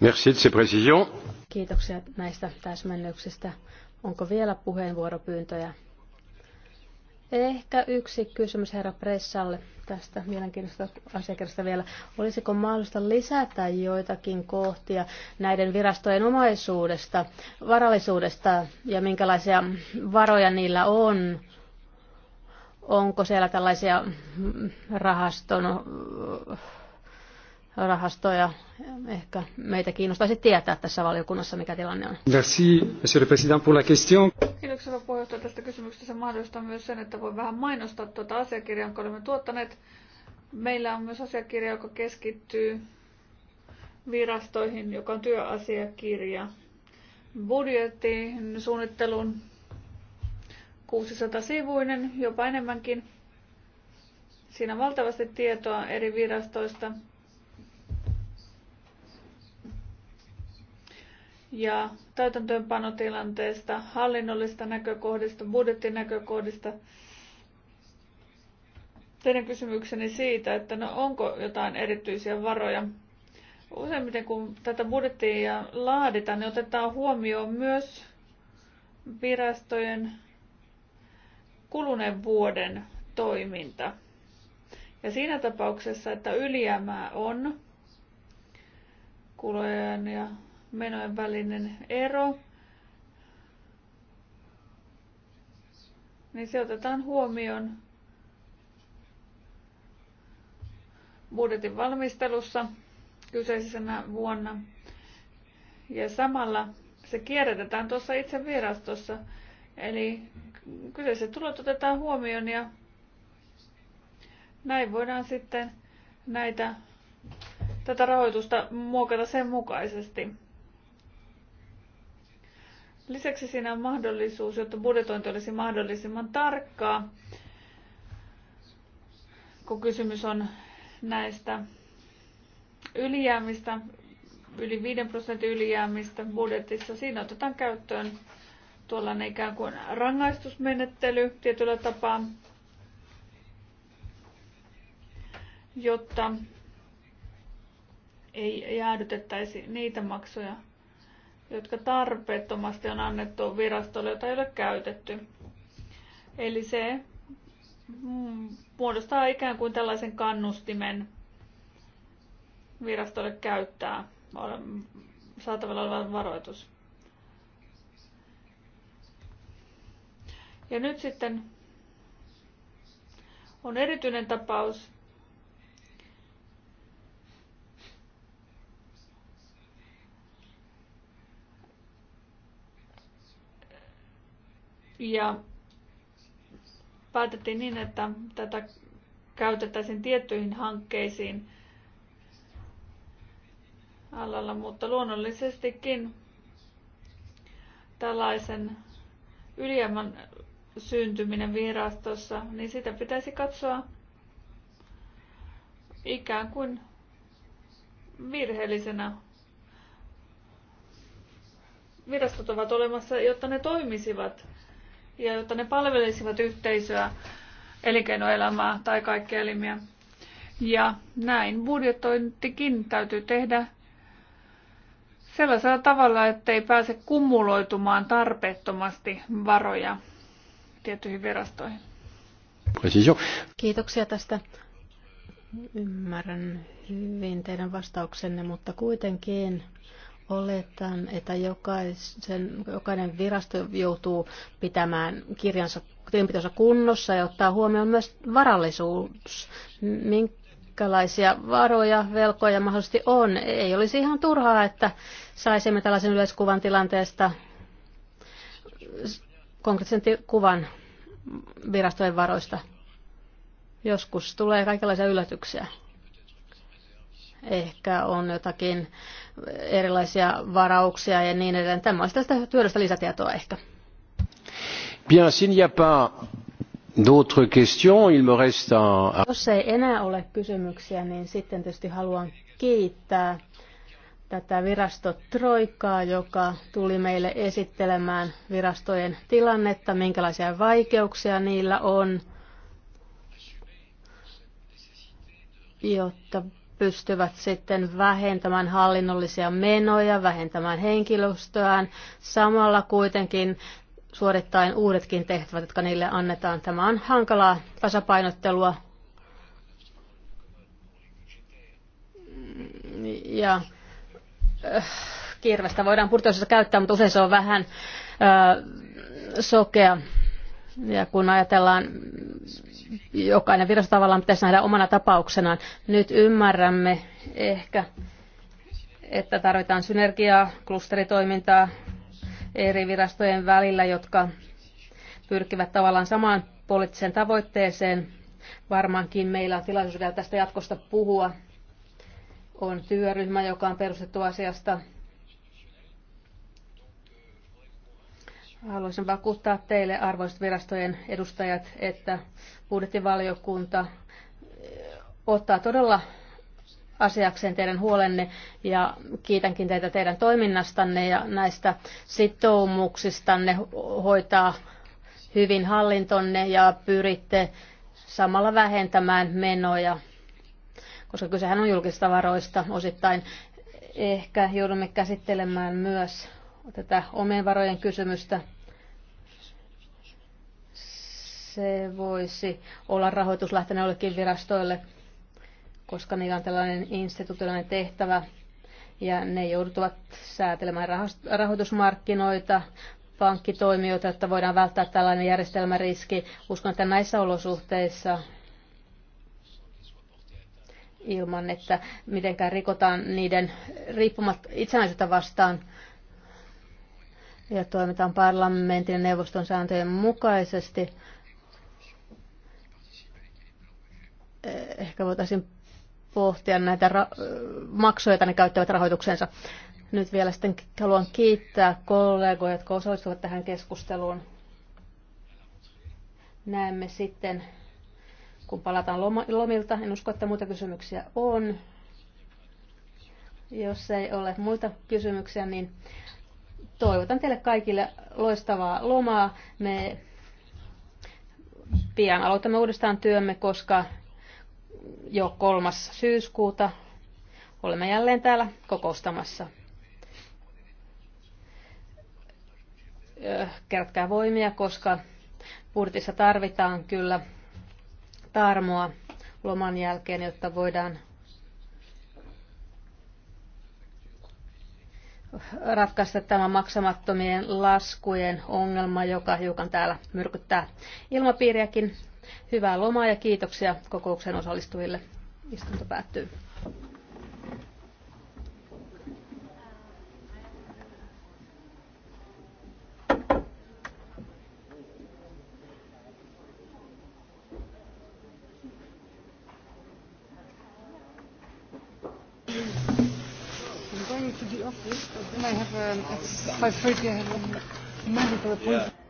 Merci de ces précisions. Kiitoksia näistä täsmennyksistä. Onko vielä puheenvuoropyyntöjä? Ehkä yksi kysymys herra Pressalle tästä mielenkiintoista asiakirjasta vielä. Olisiko mahdollista lisätä joitakin kohtia näiden virastojen omaisuudesta, varallisuudesta ja minkälaisia varoja niillä on? Onko siellä tällaisia mm, rahaston rahastoja. Ehkä meitä kiinnostaisi tietää tässä valiokunnassa, mikä tilanne on. Merci, monsieur le président, pour la question. Kiitoksia puheenjohtaja tästä kysymyksestä. Se mahdollistaa myös sen, että voi vähän mainostaa tuota asiakirjaa, jonka olemme tuottaneet. Meillä on myös asiakirja, joka keskittyy virastoihin, joka on työasiakirja, budjetin suunnittelun 600-sivuinen, jopa enemmänkin. Siinä on valtavasti tietoa eri virastoista, ja täytäntöönpanotilanteesta, hallinnollista näkökohdista, budjettinäkökohdista. Teidän kysymykseni siitä, että no onko jotain erityisiä varoja. Useimmiten kun tätä budjettia laaditaan, niin otetaan huomioon myös virastojen kuluneen vuoden toiminta. Ja siinä tapauksessa, että ylijäämää on kulujen ja menojen välinen ero, niin se otetaan huomioon budjetin valmistelussa kyseisenä vuonna. Ja samalla se kierrätetään tuossa itse virastossa. Eli kyseiset tulot otetaan huomioon ja näin voidaan sitten näitä, tätä rahoitusta muokata sen mukaisesti. Lisäksi siinä on mahdollisuus, jotta budjetointi olisi mahdollisimman tarkkaa, kun kysymys on näistä ylijäämistä, yli 5 prosentin ylijäämistä budjetissa. Siinä otetaan käyttöön tuollainen ikään kuin rangaistusmenettely tietyllä tapaa, jotta ei jäädytettäisi niitä maksuja, jotka tarpeettomasti on annettu virastolle, jota ei ole käytetty. Eli se mm, muodostaa ikään kuin tällaisen kannustimen virastolle käyttää saatavilla oleva varoitus. Ja nyt sitten on erityinen tapaus, Ja päätettiin niin, että tätä käytettäisiin tiettyihin hankkeisiin alalla, mutta luonnollisestikin tällaisen ylijäämän syntyminen virastossa, niin sitä pitäisi katsoa ikään kuin virheellisenä. Virastot ovat olemassa, jotta ne toimisivat ja jotta ne palvelisivat yhteisöä, elinkeinoelämää tai kaikkia elimiä. Ja näin budjetointikin täytyy tehdä sellaisella tavalla, ettei pääse kumuloitumaan tarpeettomasti varoja tiettyihin virastoihin. Kiitoksia tästä. Ymmärrän hyvin teidän vastauksenne, mutta kuitenkin Oletan, että jokaisen, jokainen virasto joutuu pitämään kirjansa tilinpitonsa kunnossa ja ottaa huomioon myös varallisuus. Minkälaisia varoja, velkoja mahdollisesti on. Ei olisi ihan turhaa, että saisimme tällaisen yleiskuvan tilanteesta konkreettisen kuvan virastojen varoista. Joskus tulee kaikenlaisia yllätyksiä. Ehkä on jotakin erilaisia varauksia ja niin edelleen. Tämä olisi tästä työstä lisätietoa ehkä. Bien, s'il n'y a pas d'autres questions, il me reste à... Jos ei enää ole kysymyksiä, niin sitten tietysti haluan kiittää tätä virasto Troikaa, joka tuli meille esittelemään virastojen tilannetta, minkälaisia vaikeuksia niillä on, jotta pystyvät sitten vähentämään hallinnollisia menoja, vähentämään henkilöstöään, samalla kuitenkin suorittain uudetkin tehtävät, jotka niille annetaan. Tämä on hankalaa tasapainottelua. Ja äh, kirvestä voidaan purtoisessa käyttää, mutta usein se on vähän äh, sokea. Ja kun ajatellaan jokainen virasto tavallaan pitäisi nähdä omana tapauksenaan. Nyt ymmärrämme ehkä, että tarvitaan synergiaa, klusteritoimintaa eri virastojen välillä, jotka pyrkivät tavallaan samaan poliittiseen tavoitteeseen. Varmaankin meillä on tilaisuus vielä tästä jatkosta puhua. On työryhmä, joka on perustettu asiasta Haluaisin vakuuttaa teille, arvoisat virastojen edustajat, että budjettivaliokunta eh, ottaa todella asiakseen teidän huolenne ja kiitänkin teitä teidän toiminnastanne ja näistä sitoumuksistanne hoitaa hyvin hallintonne ja pyritte samalla vähentämään menoja, koska kysehän on julkisista varoista osittain. Ehkä joudumme käsittelemään myös tätä omien varojen kysymystä se voisi olla rahoituslähteenä jollekin virastoille, koska niillä on tällainen instituutiollinen tehtävä ja ne joutuvat säätelemään rahoitusmarkkinoita, pankkitoimijoita, että voidaan välttää tällainen järjestelmäriski. Uskon, että näissä olosuhteissa ilman, että mitenkään rikotaan niiden riippumat itsenäisyyttä vastaan ja toimitaan parlamentin ja neuvoston sääntöjen mukaisesti. Eh, ehkä voitaisiin pohtia näitä ra- eh, maksuja, joita ne käyttävät rahoituksensa. Nyt vielä sitten haluan kiittää kollegoja, jotka osallistuvat tähän keskusteluun. Näemme sitten, kun palataan lomilta. En usko, että muita kysymyksiä on. Jos ei ole muita kysymyksiä, niin toivotan teille kaikille loistavaa lomaa. Me pian aloitamme uudestaan työmme, koska jo kolmas syyskuuta. Olemme jälleen täällä kokoustamassa. Kerätkää voimia, koska purtissa tarvitaan kyllä tarmoa loman jälkeen, jotta voidaan ratkaista tämä maksamattomien laskujen ongelma, joka hiukan täällä myrkyttää ilmapiiriäkin. Hyvää lomaa ja kiitoksia kokouksen osallistujille. Istunto päättyy. to the office, but then I have um, a, 5.30 I have a medical appointment. Yeah.